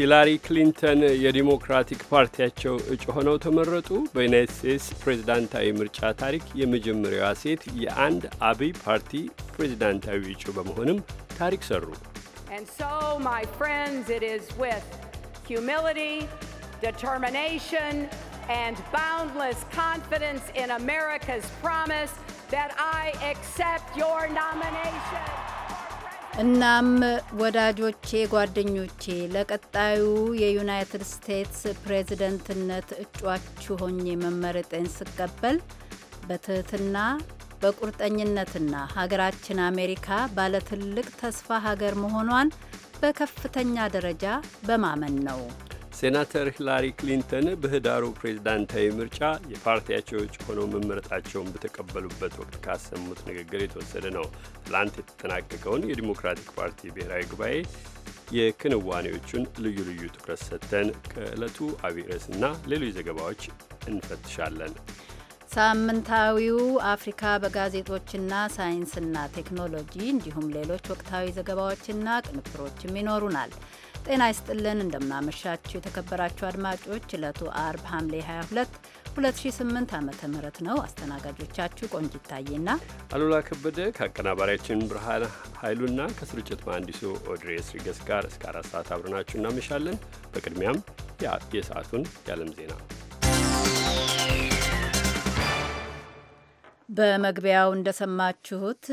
ሂላሪ ክሊንተን የዲሞክራቲክ ፓርቲያቸው እጩ ሆነው ተመረጡ። በዩናይት ስቴትስ ፕሬዝዳንታዊ ምርጫ ታሪክ የመጀመሪያዋ ሴት የአንድ አብይ ፓርቲ ፕሬዝዳንታዊ እጩ በመሆንም ታሪክ ሰሩ። ፕሮሚስ እናም ወዳጆቼ፣ ጓደኞቼ ለቀጣዩ የዩናይትድ ስቴትስ ፕሬዚደንትነት እጩአችሁ ሆኜ መመረጤን ስቀበል በትህትና በቁርጠኝነትና ሀገራችን አሜሪካ ባለትልቅ ተስፋ ሀገር መሆኗን በከፍተኛ ደረጃ በማመን ነው። ሴናተር ሂላሪ ክሊንተን በህዳሩ ፕሬዝዳንታዊ ምርጫ የፓርቲያቸው እጩ ሆነው መመረጣቸውን በተቀበሉበት ወቅት ካሰሙት ንግግር የተወሰደ ነው። ትላንት የተጠናቀቀውን የዲሞክራቲክ ፓርቲ ብሔራዊ ጉባኤ የክንዋኔዎቹን ልዩ ልዩ ትኩረት ሰጥተን ከዕለቱ አብይ ርዕስና ሌሎች ዘገባዎች እንፈትሻለን። ሳምንታዊው አፍሪካ በጋዜጦችና ሳይንስና ቴክኖሎጂ እንዲሁም ሌሎች ወቅታዊ ዘገባዎችና ቅንብሮችም ይኖሩናል። ጤና ይስጥልን እንደምናመሻችሁ የተከበራችሁ አድማጮች እለቱ አርብ ሐምሌ 22 2008 ዓ ም ነው። አስተናጋጆቻችሁ ቆንጅ ይታይና አሉላ ከበደ ከአቀናባሪያችን ብርሃን ኃይሉና ከስርጭት መሐንዲሱ ኦድሬስ ሪገስ ጋር እስከ አራት ሰዓት አብረናችሁ እናመሻለን። በቅድሚያም የሰዓቱን የዓለም ዜና በመግቢያው እንደሰማችሁት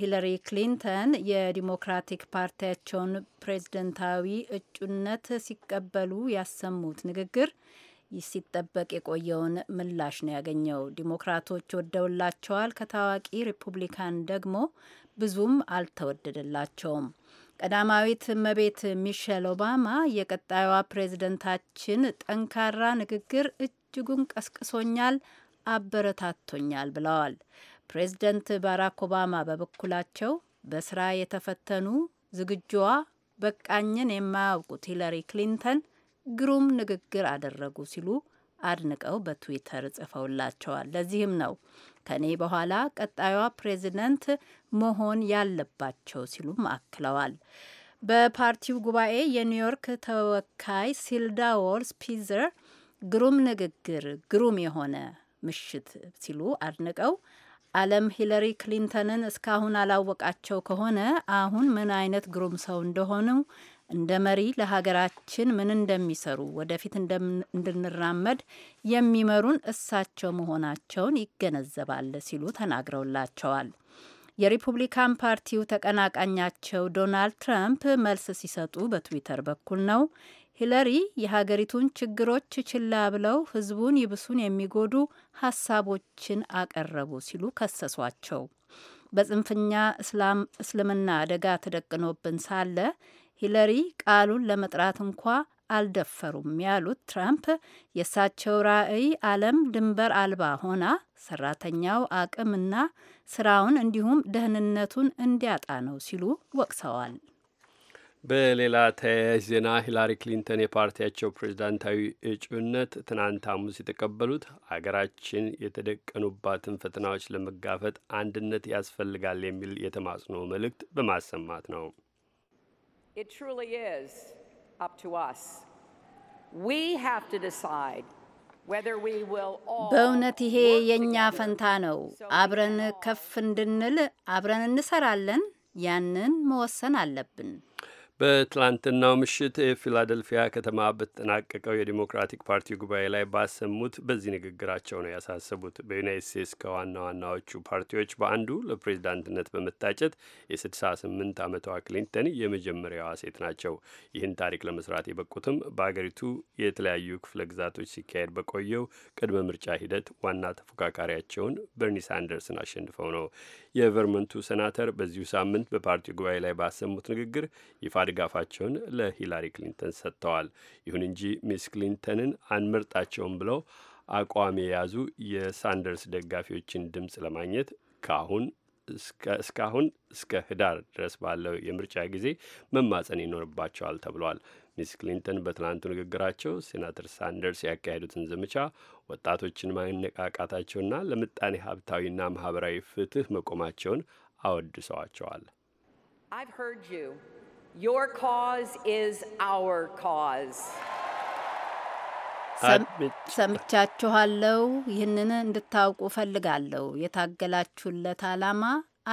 ሂለሪ ክሊንተን የዲሞክራቲክ ፓርቲያቸውን ፕሬዝደንታዊ እጩነት ሲቀበሉ ያሰሙት ንግግር ሲጠበቅ የቆየውን ምላሽ ነው ያገኘው። ዲሞክራቶች ወደውላቸዋል፣ ከታዋቂ ሪፑብሊካን ደግሞ ብዙም አልተወደደላቸውም። ቀዳማዊት እመቤት ሚሼል ኦባማ የቀጣዩዋ ፕሬዝደንታችን ጠንካራ ንግግር እጅጉን ቀስቅሶኛል አበረታቶኛል ብለዋል። ፕሬዝደንት ባራክ ኦባማ በበኩላቸው በስራ የተፈተኑ ዝግጅዋ በቃኝን የማያውቁት ሂለሪ ክሊንተን ግሩም ንግግር አደረጉ ሲሉ አድንቀው በትዊተር ጽፈውላቸዋል። ለዚህም ነው ከእኔ በኋላ ቀጣዩዋ ፕሬዚደንት መሆን ያለባቸው ሲሉም አክለዋል። በፓርቲው ጉባኤ የኒውዮርክ ተወካይ ሲልዳ ዎልስ ፒዘር ግሩም ንግግር፣ ግሩም የሆነ ምሽት ሲሉ አድንቀው ዓለም ሂለሪ ክሊንተንን እስካሁን አላወቃቸው ከሆነ አሁን ምን አይነት ግሩም ሰው እንደሆኑ እንደ መሪ ለሀገራችን ምን እንደሚሰሩ ወደፊት እንድንራመድ የሚመሩን እሳቸው መሆናቸውን ይገነዘባል ሲሉ ተናግረውላቸዋል። የሪፑብሊካን ፓርቲው ተቀናቃኛቸው ዶናልድ ትራምፕ መልስ ሲሰጡ በትዊተር በኩል ነው ሂለሪ የሀገሪቱን ችግሮች ችላ ብለው ህዝቡን ይብሱን የሚጎዱ ሀሳቦችን አቀረቡ ሲሉ ከሰሷቸው። በጽንፈኛ እስላም እስልምና አደጋ ተደቅኖብን ሳለ ሂለሪ ቃሉን ለመጥራት እንኳ አልደፈሩም ያሉት ትራምፕ የእሳቸው ራዕይ ዓለም ድንበር አልባ ሆና ሰራተኛው አቅምና ስራውን እንዲሁም ደህንነቱን እንዲያጣ ነው ሲሉ ወቅሰዋል። በሌላ ተያያዥ ዜና ሂላሪ ክሊንተን የፓርቲያቸው ፕሬዝዳንታዊ እጩነት ትናንት ሐሙስ የተቀበሉት ሀገራችን የተደቀኑባትን ፈተናዎች ለመጋፈጥ አንድነት ያስፈልጋል የሚል የተማጽኖ መልእክት በማሰማት ነው። በእውነት ይሄ የእኛ ፈንታ ነው። አብረን ከፍ እንድንል አብረን እንሰራለን። ያንን መወሰን አለብን። በትላንትናው ምሽት የፊላደልፊያ ከተማ በተጠናቀቀው የዲሞክራቲክ ፓርቲ ጉባኤ ላይ ባሰሙት በዚህ ንግግራቸው ነው ያሳሰቡት። በዩናይት ስቴትስ ከዋና ዋናዎቹ ፓርቲዎች በአንዱ ለፕሬዚዳንትነት በመታጨት የ68 ዓመቷ ክሊንተን የመጀመሪያዋ ሴት ናቸው። ይህን ታሪክ ለመስራት የበቁትም በአገሪቱ የተለያዩ ክፍለ ግዛቶች ሲካሄድ በቆየው ቅድመ ምርጫ ሂደት ዋና ተፎካካሪያቸውን በርኒ ሳንደርስን አሸንፈው ነው። የቨርመንቱ ሰናተር በዚሁ ሳምንት በፓርቲው ጉባኤ ላይ ባሰሙት ንግግር ይፋ ድጋፋቸውን ለሂላሪ ክሊንተን ሰጥተዋል። ይሁን እንጂ ሚስ ክሊንተንን አንመርጣቸውም ብለው አቋም የያዙ የሳንደርስ ደጋፊዎችን ድምፅ ለማግኘት ከአሁን እስካሁን እስከ ህዳር ድረስ ባለው የምርጫ ጊዜ መማፀን ይኖርባቸዋል ተብሏል። ሚስ ክሊንተን በትናንቱ ንግግራቸው ሴናተር ሳንደርስ ያካሄዱትን ዘመቻ ወጣቶችን ማነቃቃታቸውና ለምጣኔ ሀብታዊና ማህበራዊ ፍትህ መቆማቸውን አወድሰዋቸዋል። ሰምቻችኋለሁ። ይህንን እንድታውቁ ፈልጋለሁ የታገላችሁለት አላማ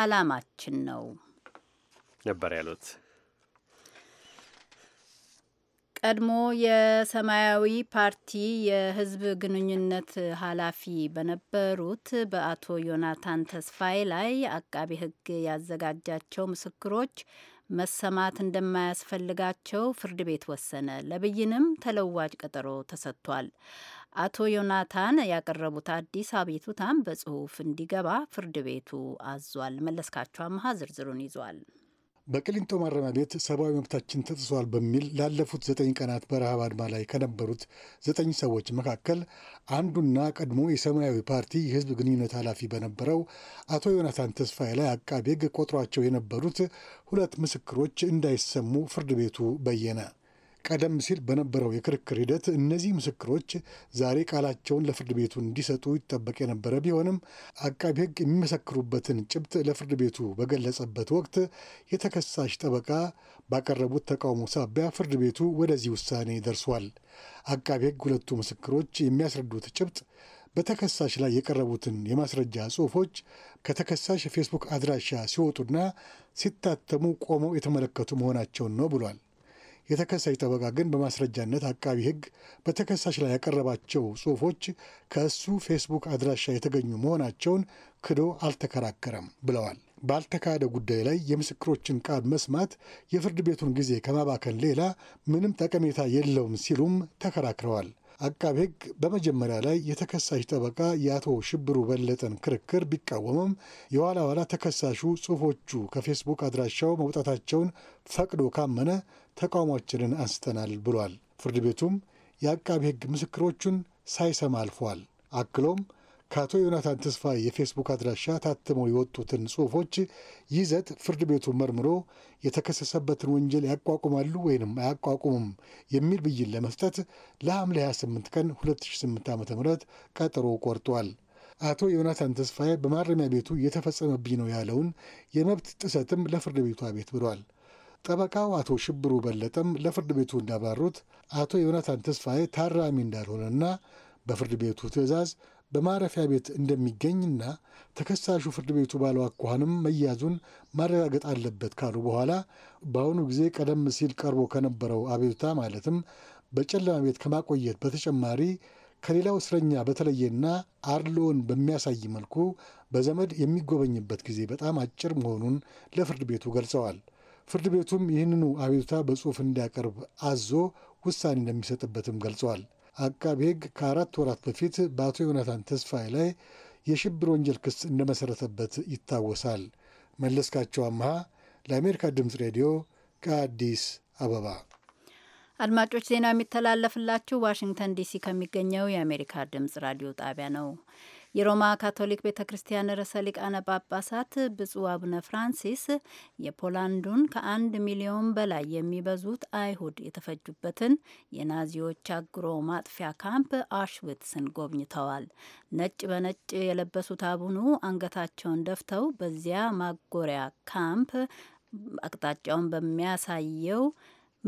አላማችን ነው ነበር ያሉት። ቀድሞ የሰማያዊ ፓርቲ የህዝብ ግንኙነት ኃላፊ በነበሩት በአቶ ዮናታን ተስፋዬ ላይ አቃቢ ህግ ያዘጋጃቸው ምስክሮች መሰማት እንደማያስፈልጋቸው ፍርድ ቤት ወሰነ። ለብይንም ተለዋጭ ቀጠሮ ተሰጥቷል። አቶ ዮናታን ያቀረቡት አዲስ አቤቱታም በጽሁፍ እንዲገባ ፍርድ ቤቱ አዟል። መለስካቸው አመሀ ዝርዝሩን ይዟል። በቅሊንጦ ማረሚያ ቤት ሰብአዊ መብታችን ተጥሷል በሚል ላለፉት ዘጠኝ ቀናት በረሃብ አድማ ላይ ከነበሩት ዘጠኝ ሰዎች መካከል አንዱና ቀድሞ የሰማያዊ ፓርቲ የህዝብ ግንኙነት ኃላፊ በነበረው አቶ ዮናታን ተስፋዬ ላይ አቃቤ ቆጥሯቸው የነበሩት ሁለት ምስክሮች እንዳይሰሙ ፍርድ ቤቱ በየነ። ቀደም ሲል በነበረው የክርክር ሂደት እነዚህ ምስክሮች ዛሬ ቃላቸውን ለፍርድ ቤቱ እንዲሰጡ ይጠበቅ የነበረ ቢሆንም አቃቢ ሕግ የሚመሰክሩበትን ጭብጥ ለፍርድ ቤቱ በገለጸበት ወቅት የተከሳሽ ጠበቃ ባቀረቡት ተቃውሞ ሳቢያ ፍርድ ቤቱ ወደዚህ ውሳኔ ደርሷል። አቃቢ ሕግ ሁለቱ ምስክሮች የሚያስረዱት ጭብጥ በተከሳሽ ላይ የቀረቡትን የማስረጃ ጽሑፎች ከተከሳሽ የፌስቡክ አድራሻ ሲወጡና ሲታተሙ ቆመው የተመለከቱ መሆናቸውን ነው ብሏል። የተከሳሽ ጠበቃ ግን በማስረጃነት አቃቢ ሕግ በተከሳሽ ላይ ያቀረባቸው ጽሁፎች ከእሱ ፌስቡክ አድራሻ የተገኙ መሆናቸውን ክዶ አልተከራከረም ብለዋል። ባልተካሄደ ጉዳይ ላይ የምስክሮችን ቃል መስማት የፍርድ ቤቱን ጊዜ ከማባከን ሌላ ምንም ጠቀሜታ የለውም ሲሉም ተከራክረዋል። አቃቤ ሕግ በመጀመሪያ ላይ የተከሳሽ ጠበቃ የአቶ ሽብሩ በለጠን ክርክር ቢቃወምም የኋላ ኋላ ተከሳሹ ጽሁፎቹ ከፌስቡክ አድራሻው መውጣታቸውን ፈቅዶ ካመነ ተቃውሞችንን አንስተናል ብሏል። ፍርድ ቤቱም የአቃቢ ሕግ ምስክሮቹን ሳይሰማ አልፏል። አክሎም ከአቶ ዮናታን ተስፋዬ የፌስቡክ አድራሻ ታትመው የወጡትን ጽሑፎች ይዘት ፍርድ ቤቱ መርምሮ የተከሰሰበትን ወንጀል ያቋቁማሉ ወይንም አያቋቁሙም የሚል ብይን ለመስጠት ለሐምሌ 28 ቀን 2008 ዓ ም ቀጠሮ ቆርጧል። አቶ ዮናታን ተስፋዬ በማረሚያ ቤቱ እየተፈጸመብኝ ነው ያለውን የመብት ጥሰትም ለፍርድ ቤቱ አቤት ብሏል። ጠበቃው አቶ ሽብሩ በለጠም ለፍርድ ቤቱ እንዳብራሩት አቶ ዮናታን ተስፋዬ ታራሚ እንዳልሆነና በፍርድ ቤቱ ትዕዛዝ በማረፊያ ቤት እንደሚገኝና ተከሳሹ ፍርድ ቤቱ ባለው አኳኋንም መያዙን ማረጋገጥ አለበት ካሉ በኋላ በአሁኑ ጊዜ ቀደም ሲል ቀርቦ ከነበረው አቤቱታ ማለትም በጨለማ ቤት ከማቆየት በተጨማሪ ከሌላው እስረኛ በተለየና አርሎን በሚያሳይ መልኩ በዘመድ የሚጎበኝበት ጊዜ በጣም አጭር መሆኑን ለፍርድ ቤቱ ገልጸዋል። ፍርድ ቤቱም ይህንኑ አቤቱታ በጽሑፍ እንዲያቀርብ አዞ ውሳኔ እንደሚሰጥበትም ገልጸዋል። አቃቢ ሕግ ከአራት ወራት በፊት በአቶ ዮናታን ተስፋዬ ላይ የሽብር ወንጀል ክስ እንደመሠረተበት ይታወሳል። መለስካቸው አምሃ ለአሜሪካ ድምፅ ሬዲዮ ከአዲስ አበባ። አድማጮች ዜና የሚተላለፍላችሁ ዋሽንግተን ዲሲ ከሚገኘው የአሜሪካ ድምፅ ራዲዮ ጣቢያ ነው። የሮማ ካቶሊክ ቤተ ክርስቲያን ርዕሰ ሊቃነ ጳጳሳት ብፁዕ አቡነ ፍራንሲስ የፖላንዱን ከአንድ ሚሊዮን በላይ የሚበዙት አይሁድ የተፈጁበትን የናዚዎች አግሮ ማጥፊያ ካምፕ አሽዊትስን ጎብኝተዋል። ነጭ በነጭ የለበሱት አቡኑ አንገታቸውን ደፍተው በዚያ ማጎሪያ ካምፕ አቅጣጫውን በሚያሳየው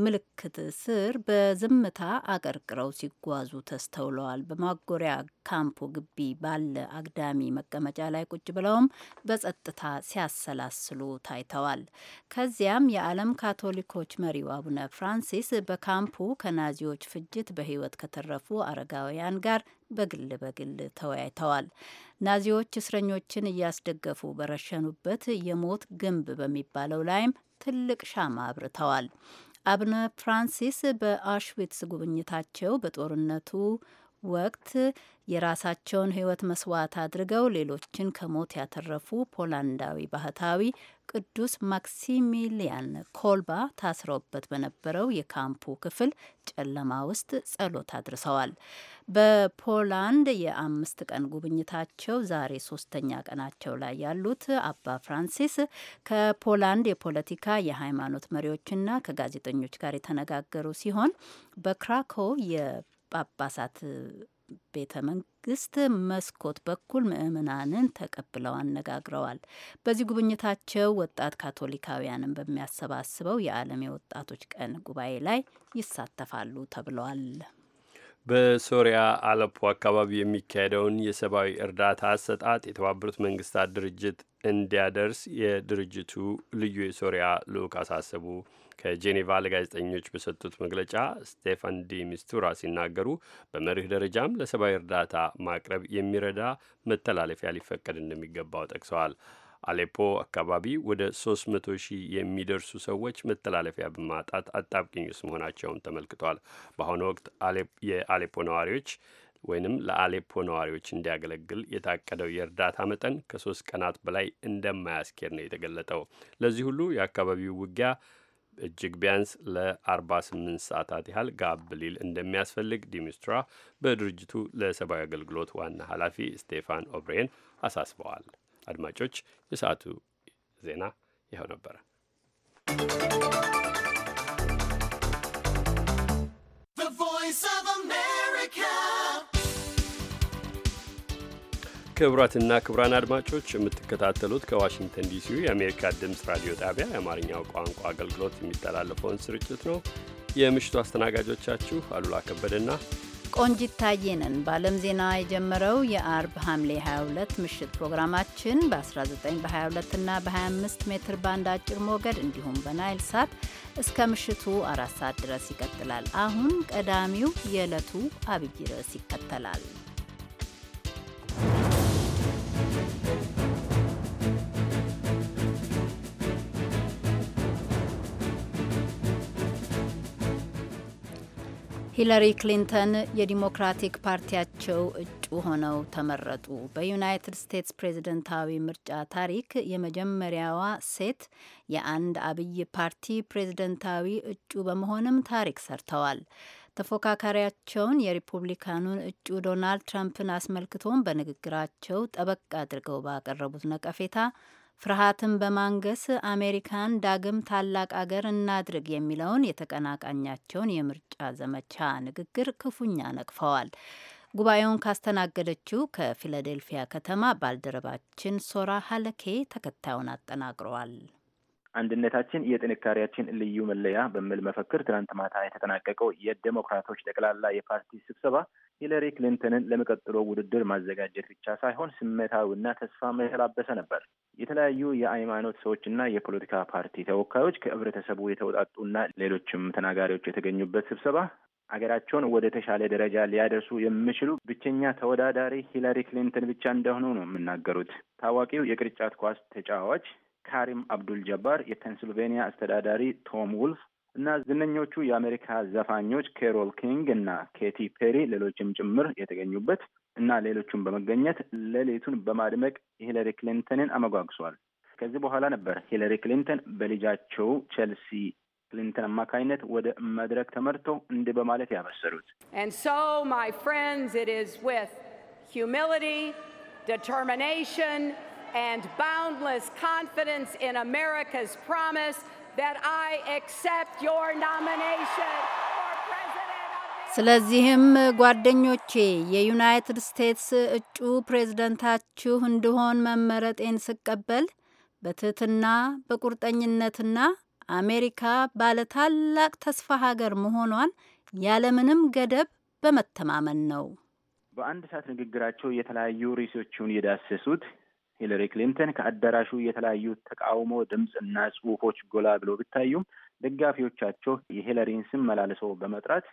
ምልክት ስር በዝምታ አቀርቅረው ሲጓዙ ተስተውለዋል። በማጎሪያ ካምፑ ግቢ ባለ አግዳሚ መቀመጫ ላይ ቁጭ ብለውም በጸጥታ ሲያሰላስሉ ታይተዋል። ከዚያም የዓለም ካቶሊኮች መሪው አቡነ ፍራንሲስ በካምፑ ከናዚዎች ፍጅት በሕይወት ከተረፉ አረጋውያን ጋር በግል በግል ተወያይተዋል። ናዚዎች እስረኞችን እያስደገፉ በረሸኑበት የሞት ግንብ በሚባለው ላይም ትልቅ ሻማ አብርተዋል። አብነ ፍራንሲስ በአሽዊትስ ጉብኝታቸው በጦርነቱ ወቅት የራሳቸውን ሕይወት መስዋዕት አድርገው ሌሎችን ከሞት ያተረፉ ፖላንዳዊ ባህታዊ ቅዱስ ማክሲሚሊያን ኮልባ ታስረውበት በነበረው የካምፑ ክፍል ጨለማ ውስጥ ጸሎት አድርሰዋል። በፖላንድ የአምስት ቀን ጉብኝታቸው ዛሬ ሶስተኛ ቀናቸው ላይ ያሉት አባ ፍራንሲስ ከፖላንድ የፖለቲካ የሃይማኖት መሪዎችና ከጋዜጠኞች ጋር የተነጋገሩ ሲሆን በክራኮ ጳጳሳት ቤተ መንግስት መስኮት በኩል ምእምናንን ተቀብለው አነጋግረዋል። በዚህ ጉብኝታቸው ወጣት ካቶሊካውያንን በሚያሰባስበው የዓለም የወጣቶች ቀን ጉባኤ ላይ ይሳተፋሉ ተብለዋል። በሶሪያ አለፖ አካባቢ የሚካሄደውን የሰብአዊ እርዳታ አሰጣጥ የተባበሩት መንግስታት ድርጅት እንዲያደርስ የድርጅቱ ልዩ የሶሪያ ልዑክ አሳሰቡ። ከጄኔቫ ለጋዜጠኞች በሰጡት መግለጫ ስቴፋን ዲ ሚስቱራ ሲናገሩ በመርህ ደረጃም ለሰብአዊ እርዳታ ማቅረብ የሚረዳ መተላለፊያ ሊፈቀድ እንደሚገባው ጠቅሰዋል። አሌፖ አካባቢ ወደ 300 ሺህ የሚደርሱ ሰዎች መተላለፊያ በማጣት አጣብቂኝ ውስጥ መሆናቸውን ተመልክቷል። በአሁኑ ወቅት የአሌፖ ነዋሪዎች ወይንም ለአሌፖ ነዋሪዎች እንዲያገለግል የታቀደው የእርዳታ መጠን ከሶስት ቀናት በላይ እንደማያስኬድ ነው የተገለጠው። ለዚህ ሁሉ የአካባቢው ውጊያ እጅግ ቢያንስ ለ48 ሰዓታት ያህል ጋብ ሊል እንደሚያስፈልግ ዲሚስትራ በድርጅቱ ለሰብአዊ አገልግሎት ዋና ኃላፊ ስቴፋን ኦብሬን አሳስበዋል። አድማጮች፣ የሰዓቱ ዜና ይኸው ነበረ። ክቡራትና ክቡራን አድማጮች የምትከታተሉት ከዋሽንግተን ዲሲ የአሜሪካ ድምፅ ራዲዮ ጣቢያ የአማርኛው ቋንቋ አገልግሎት የሚተላለፈውን ስርጭት ነው። የምሽቱ አስተናጋጆቻችሁ አሉላ ከበደና ቆንጂት ታየንን። በዓለም ዜና የጀመረው የአርብ ሐምሌ 22 ምሽት ፕሮግራማችን በ19 በ22 እና በ25 ሜትር ባንድ አጭር ሞገድ እንዲሁም በናይል ሳት እስከ ምሽቱ አራት ሰዓት ድረስ ይቀጥላል። አሁን ቀዳሚው የዕለቱ አብይ ርዕስ ይከተላል። ሂለሪ ክሊንተን የዲሞክራቲክ ፓርቲያቸው እጩ ሆነው ተመረጡ። በዩናይትድ ስቴትስ ፕሬዝደንታዊ ምርጫ ታሪክ የመጀመሪያዋ ሴት የአንድ አብይ ፓርቲ ፕሬዝደንታዊ እጩ በመሆንም ታሪክ ሰርተዋል። ተፎካካሪያቸውን የሪፑብሊካኑን እጩ ዶናልድ ትራምፕን አስመልክቶም በንግግራቸው ጠበቅ አድርገው ባቀረቡት ነቀፌታ ፍርሃትን በማንገስ አሜሪካን ዳግም ታላቅ አገር እናድርግ የሚለውን የተቀናቃኛቸውን የምርጫ ዘመቻ ንግግር ክፉኛ ነቅፈዋል። ጉባኤውን ካስተናገደችው ከፊላዴልፊያ ከተማ ባልደረባችን ሶራ ሀለኬ ተከታዩን አጠናቅረዋል። አንድነታችን የጥንካሬያችን ልዩ መለያ በሚል መፈክር ትናንት ማታ የተጠናቀቀው የዴሞክራቶች ጠቅላላ የፓርቲ ስብሰባ ሂለሪ ክሊንተንን ለመቀጥሎ ውድድር ማዘጋጀት ብቻ ሳይሆን ስሜታዊና ተስፋ መተላበሰ ነበር። የተለያዩ የሃይማኖት ሰዎችና የፖለቲካ ፓርቲ ተወካዮች ከህብረተሰቡ የተውጣጡና ሌሎችም ተናጋሪዎች የተገኙበት ስብሰባ አገራቸውን ወደ ተሻለ ደረጃ ሊያደርሱ የሚችሉ ብቸኛ ተወዳዳሪ ሂለሪ ክሊንተን ብቻ እንደሆኑ ነው የሚናገሩት። ታዋቂው የቅርጫት ኳስ ተጫዋች ካሪም አብዱል ጀባር፣ የፔንስልቬኒያ አስተዳዳሪ ቶም ውልፍ እና ዝነኞቹ የአሜሪካ ዘፋኞች ኬሮል ኪንግ እና ኬቲ ፔሪ ሌሎችም ጭምር የተገኙበት እና ሌሎቹን በመገኘት ሌሊቱን በማድመቅ ሂለሪ ክሊንተንን አመጓግሷል። ከዚህ በኋላ ነበር ሂለሪ ክሊንተን በልጃቸው ቼልሲ ክሊንተን አማካኝነት ወደ መድረክ ተመርተው እንዲህ በማለት ያበሰሩት And so my friends it is with humility, determination, and boundless confidence in America's promise that I accept your nomination. ስለዚህም ጓደኞቼ የዩናይትድ ስቴትስ እጩ ፕሬዝደንታችሁ እንድሆን መመረጤን ስቀበል በትህትና በቁርጠኝነትና አሜሪካ ባለ ታላቅ ተስፋ ሀገር መሆኗን ያለምንም ገደብ በመተማመን ነው። በአንድ ሰዓት ንግግራቸው የተለያዩ ርዕሶችን የዳሰሱት ሂለሪ ክሊንተን ከአዳራሹ የተለያዩ ተቃውሞ ድምፅና ጽሁፎች ጎላ ብሎ ቢታዩም ደጋፊዎቻቸው የሂለሪን ስም መላልሶ በመጥራት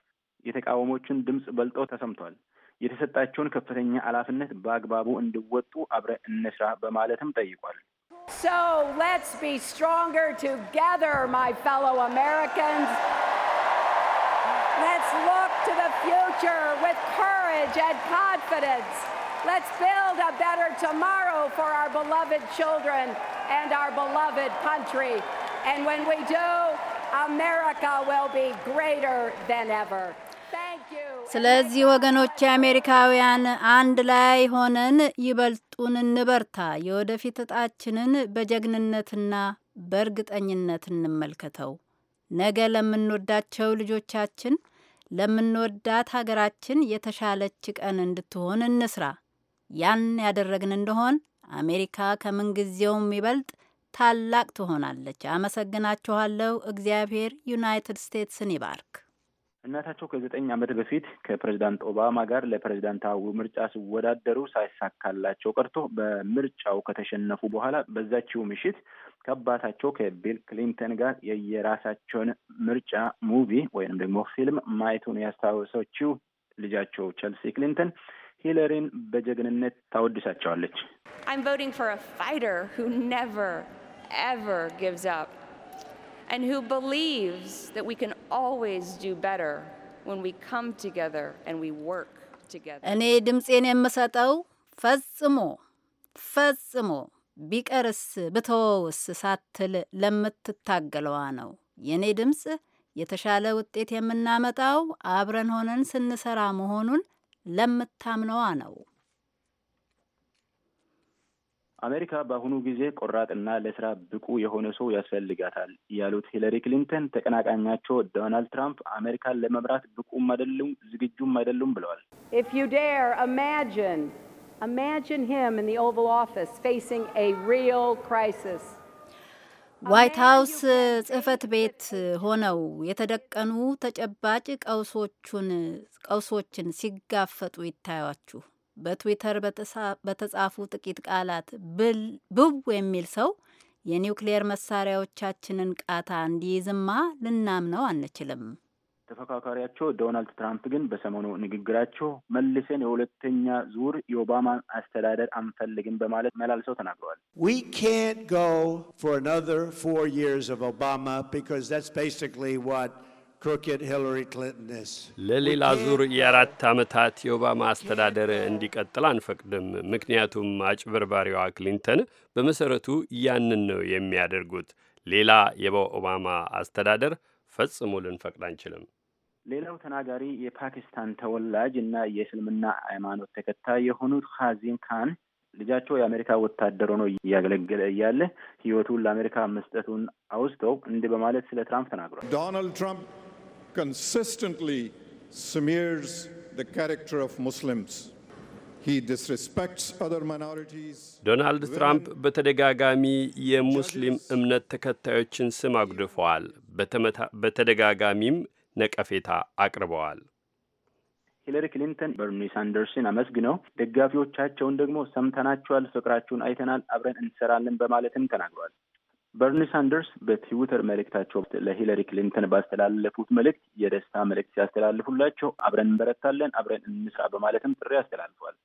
የተቃውሞቹን ድምፅ በልጦ ተሰምቷል። የተሰጣቸውን ከፍተኛ ኃላፊነት በአግባቡ እንዲወጡ አብረ እንስራ በማለትም ጠይቋል። So let's be stronger together, my fellow Americans. Let's look to the future with courage and confidence. Let's build a better tomorrow for our beloved children and our beloved country. And when we do, America will be greater than ever. ስለዚህ ወገኖች አሜሪካውያን አንድ ላይ ሆነን ይበልጡን እንበርታ። የወደፊት እጣችንን በጀግንነትና በእርግጠኝነት እንመልከተው። ነገ ለምንወዳቸው ልጆቻችን፣ ለምንወዳት ሀገራችን የተሻለች ቀን እንድትሆን እንስራ። ያን ያደረግን እንደሆን አሜሪካ ከምንጊዜውም ይበልጥ ታላቅ ትሆናለች። አመሰግናችኋለሁ። እግዚአብሔር ዩናይትድ ስቴትስን ይባርክ። እናታቸው ከዘጠኝ ዓመት በፊት ከፕሬዚዳንት ኦባማ ጋር ለፕሬዚዳንታዊ ምርጫ ሲወዳደሩ ሳይሳካላቸው ቀርቶ በምርጫው ከተሸነፉ በኋላ በዛችው ምሽት ከአባታቸው ከቢል ክሊንተን ጋር የየራሳቸውን ምርጫ ሙቪ ወይንም ደግሞ ፊልም ማየቱን ያስታወሰችው ልጃቸው ቸልሲ ክሊንተን ሂለሪን በጀግንነት ታወድሳቸዋለች። እኔ ድምፄን የምሰጠው ፈጽሞ ፈጽሞ ቢቀርስ ብተወውስ ሳትል ለምትታገለዋ ነው። የእኔ ድምፅ የተሻለ ውጤት የምናመጣው አብረን ሆነን ስንሰራ መሆኑን ለምታምነዋ ነው። አሜሪካ በአሁኑ ጊዜ ቆራጥና ለስራ ብቁ የሆነ ሰው ያስፈልጋታል ያሉት ሂለሪ ክሊንተን ተቀናቃኛቸው ዶናልድ ትራምፕ አሜሪካን ለመምራት ብቁም አይደሉም፣ ዝግጁም አይደሉም ብለዋል። ኢፍ ዋይት ሀውስ ጽህፈት ቤት ሆነው የተደቀኑ ተጨባጭ ቀውሶቹን ቀውሶችን ሲጋፈጡ ይታያችሁ። በትዊተር በተጻፉ ጥቂት ቃላት ብብ የሚል ሰው የኒውክሌየር መሳሪያዎቻችንን ቃታ እንዲይዝማ ልናምነው አንችልም። ተፈካካሪያቸው ዶናልድ ትራምፕ ግን በሰሞኑ ንግግራቸው መልሰን የሁለተኛ ዙር የኦባማን አስተዳደር አንፈልግም በማለት መላልሰው ተናግረዋል። ለሌላ ዙር የአራት ዓመታት የኦባማ አስተዳደር እንዲቀጥል አንፈቅድም። ምክንያቱም አጭበርባሪዋ ክሊንተን በመሰረቱ ያንን ነው የሚያደርጉት። ሌላ የኦባማ አስተዳደር ፈጽሞ ልንፈቅድ አንችልም። ሌላው ተናጋሪ የፓኪስታን ተወላጅ እና የእስልምና ሃይማኖት ተከታይ የሆኑት ሀዚም ካን ልጃቸው የአሜሪካ ወታደር ሆኖ እያገለገለ እያለ ሕይወቱን ለአሜሪካ መስጠቱን አውስተው እንዲህ በማለት ስለ ትራምፕ ተናግሯል። ዶናልድ ትራምፕ consistently smears the character of ዶናልድ ትራምፕ በተደጋጋሚ የሙስሊም እምነት ተከታዮችን ስም አጉድፈዋል። በተደጋጋሚም ነቀፌታ አቅርበዋል። ሂለሪ ክሊንተን በርኒ ሳንደርስን አመስግነው ደጋፊዎቻቸውን ደግሞ ሰምተናቸዋል፣ ፍቅራችሁን አይተናል፣ አብረን እንሰራለን በማለትም ተናግሯል። በርኒ ሳንደርስ በትዊተር መልእክታቸው ለሂለሪ ክሊንተን ባስተላለፉት መልእክት የደስታ መልእክት ሲያስተላልፉላቸው አብረን እንበረታለን፣ አብረን እንስራ በማለትም ጥሪ አስተላልፏል።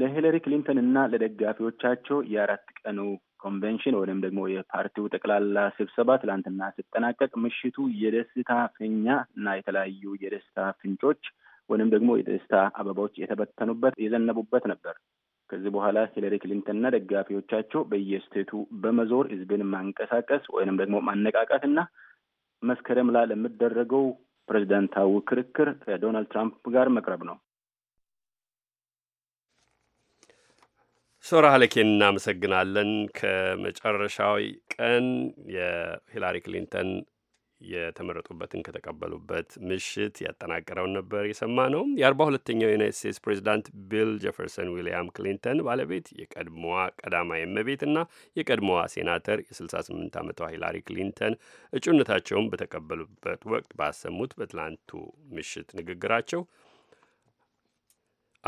ለሂለሪ ክሊንተን እና ለደጋፊዎቻቸው የአራት ቀኑ ኮንቬንሽን ወይም ደግሞ የፓርቲው ጠቅላላ ስብሰባ ትላንትና ስጠናቀቅ ምሽቱ የደስታ ፊኛ እና የተለያዩ የደስታ ፍንጮች ወይም ደግሞ የደስታ አበባዎች የተበተኑበት የዘነቡበት ነበር። ከዚህ በኋላ ሂለሪ ክሊንተንና ደጋፊዎቻቸው በየስቴቱ በመዞር ህዝብን ማንቀሳቀስ ወይንም ደግሞ ማነቃቃትና መስከረም ላይ ለሚደረገው ፕሬዚዳንታዊ ክርክር ከዶናልድ ትራምፕ ጋር መቅረብ ነው። ሶራ ሀለኬን እናመሰግናለን። ከመጨረሻዊ ቀን የሂላሪ ክሊንተን የተመረጡበትን ከተቀበሉበት ምሽት ያጠናቀረውን ነበር የሰማ ነው። የአርባ ሁለተኛው የዩናይት ስቴትስ ፕሬዚዳንት ቢል ጀፈርሰን ዊልያም ክሊንተን ባለቤት የቀድሞዋ ቀዳማዊ እመቤት እና የቀድሞዋ ሴናተር የ68 ዓመቷ ሂላሪ ክሊንተን እጩነታቸውን በተቀበሉበት ወቅት ባሰሙት በትላንቱ ምሽት ንግግራቸው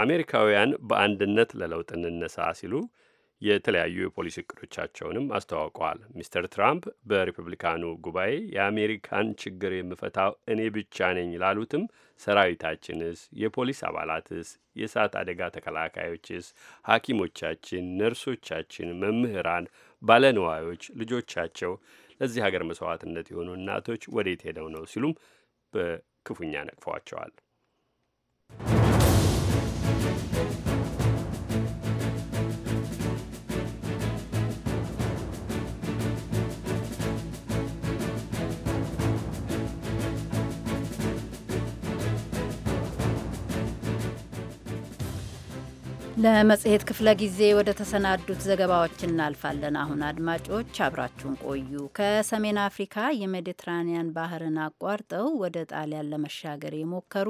አሜሪካውያን በአንድነት ለለውጥ እንነሳ ሲሉ የተለያዩ የፖሊሲ እቅዶቻቸውንም አስተዋውቀዋል። ሚስተር ትራምፕ በሪፐብሊካኑ ጉባኤ የአሜሪካን ችግር የምፈታው እኔ ብቻ ነኝ ላሉትም ሰራዊታችንስ፣ የፖሊስ አባላትስ፣ የእሳት አደጋ ተከላካዮችስ፣ ሐኪሞቻችን፣ ነርሶቻችን፣ መምህራን፣ ባለንዋዮች፣ ልጆቻቸው፣ ለዚህ ሀገር መስዋዕትነት የሆኑ እናቶች ወዴት ሄደው ነው ሲሉም በክፉኛ ነቅፈዋቸዋል። ለመጽሔት ክፍለ ጊዜ ወደ ተሰናዱት ዘገባዎች እናልፋለን። አሁን አድማጮች አብራችሁን ቆዩ። ከሰሜን አፍሪካ የሜዲትራኒያን ባህርን አቋርጠው ወደ ጣሊያን ለመሻገር የሞከሩ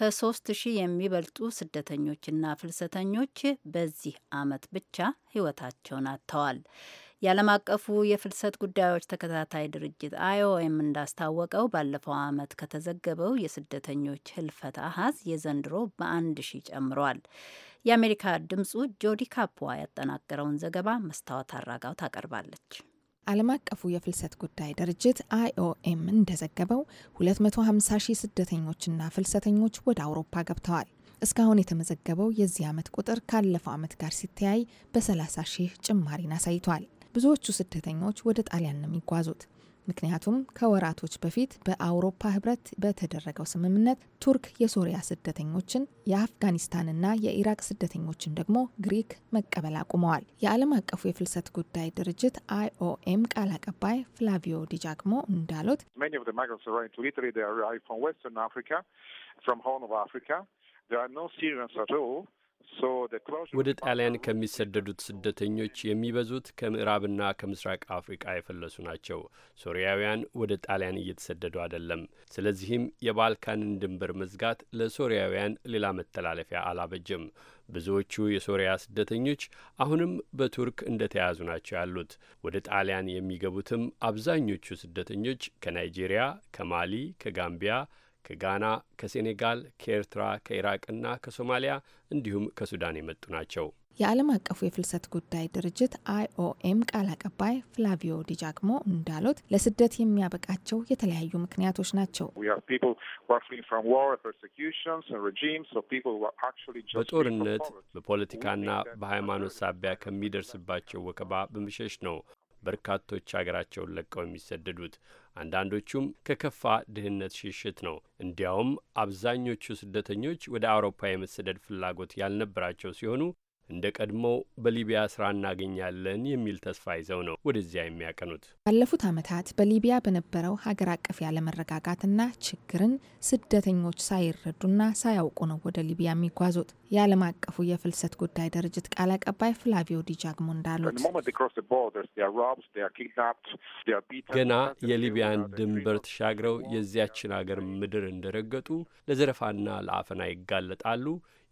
ከሶስት ሺህ የሚበልጡ ስደተኞችና ፍልሰተኞች በዚህ ዓመት ብቻ ሕይወታቸውን አጥተዋል። የዓለም አቀፉ የፍልሰት ጉዳዮች ተከታታይ ድርጅት አይኦኤም እንዳስታወቀው ባለፈው ዓመት ከተዘገበው የስደተኞች ህልፈት አሀዝ የዘንድሮ በአንድ ሺህ ጨምሯል። የአሜሪካ ድምጹ ጆዲ ካፖዋ ያጠናቀረውን ዘገባ መስታወት አራጋው ታቀርባለች። ዓለም አቀፉ የፍልሰት ጉዳይ ድርጅት አይኦኤም እንደዘገበው 250 ሺህ ስደተኞችና ፍልሰተኞች ወደ አውሮፓ ገብተዋል። እስካሁን የተመዘገበው የዚህ ዓመት ቁጥር ካለፈው ዓመት ጋር ሲተያይ በ30 ሺህ ጭማሪን አሳይቷል። ብዙዎቹ ስደተኞች ወደ ጣሊያን ነው የሚጓዙት። ምክንያቱም ከወራቶች በፊት በአውሮፓ ህብረት በተደረገው ስምምነት ቱርክ የሶሪያ ስደተኞችን የአፍጋኒስታንና የኢራቅ ስደተኞችን ደግሞ ግሪክ መቀበል አቁመዋል። የዓለም አቀፉ የፍልሰት ጉዳይ ድርጅት አይኦኤም ቃል አቀባይ ፍላቪዮ ዲጃግሞ እንዳሉት ወደ ጣሊያን ከሚሰደዱት ስደተኞች የሚበዙት ከምዕራብና ከምስራቅ አፍሪቃ የፈለሱ ናቸው። ሶሪያውያን ወደ ጣሊያን እየተሰደዱ አይደለም። ስለዚህም የባልካንን ድንበር መዝጋት ለሶሪያውያን ሌላ መተላለፊያ አላበጀም። ብዙዎቹ የሶሪያ ስደተኞች አሁንም በቱርክ እንደተያዙ ናቸው ያሉት። ወደ ጣሊያን የሚገቡትም አብዛኞቹ ስደተኞች ከናይጄሪያ፣ ከማሊ፣ ከጋምቢያ ከጋና፣ ከሴኔጋል፣ ከኤርትራ፣ ከኢራቅና ከሶማሊያ እንዲሁም ከሱዳን የመጡ ናቸው። የዓለም አቀፉ የፍልሰት ጉዳይ ድርጅት አይኦኤም ቃል አቀባይ ፍላቪዮ ዲጃግሞ እንዳሉት ለስደት የሚያበቃቸው የተለያዩ ምክንያቶች ናቸው። በጦርነት በፖለቲካና በሃይማኖት ሳቢያ ከሚደርስባቸው ወከባ በመሸሽ ነው በርካቶች ሀገራቸውን ለቀው የሚሰደዱት አንዳንዶቹም ከከፋ ድህነት ሽሽት ነው። እንዲያውም አብዛኞቹ ስደተኞች ወደ አውሮፓ የመሰደድ ፍላጎት ያልነበራቸው ሲሆኑ እንደ ቀድሞው በሊቢያ ስራ እናገኛለን የሚል ተስፋ ይዘው ነው ወደዚያ የሚያቀኑት። ባለፉት ዓመታት በሊቢያ በነበረው ሀገር አቀፍ ያለመረጋጋትና ችግርን ስደተኞች ሳይረዱና ሳያውቁ ነው ወደ ሊቢያ የሚጓዙት። የዓለም አቀፉ የፍልሰት ጉዳይ ድርጅት ቃል አቀባይ ፍላቪዮ ዲጃግሞ እንዳሉት ገና የሊቢያን ድንበር ተሻግረው የዚያችን አገር ምድር እንደረገጡ ለዘረፋና ለአፈና ይጋለጣሉ።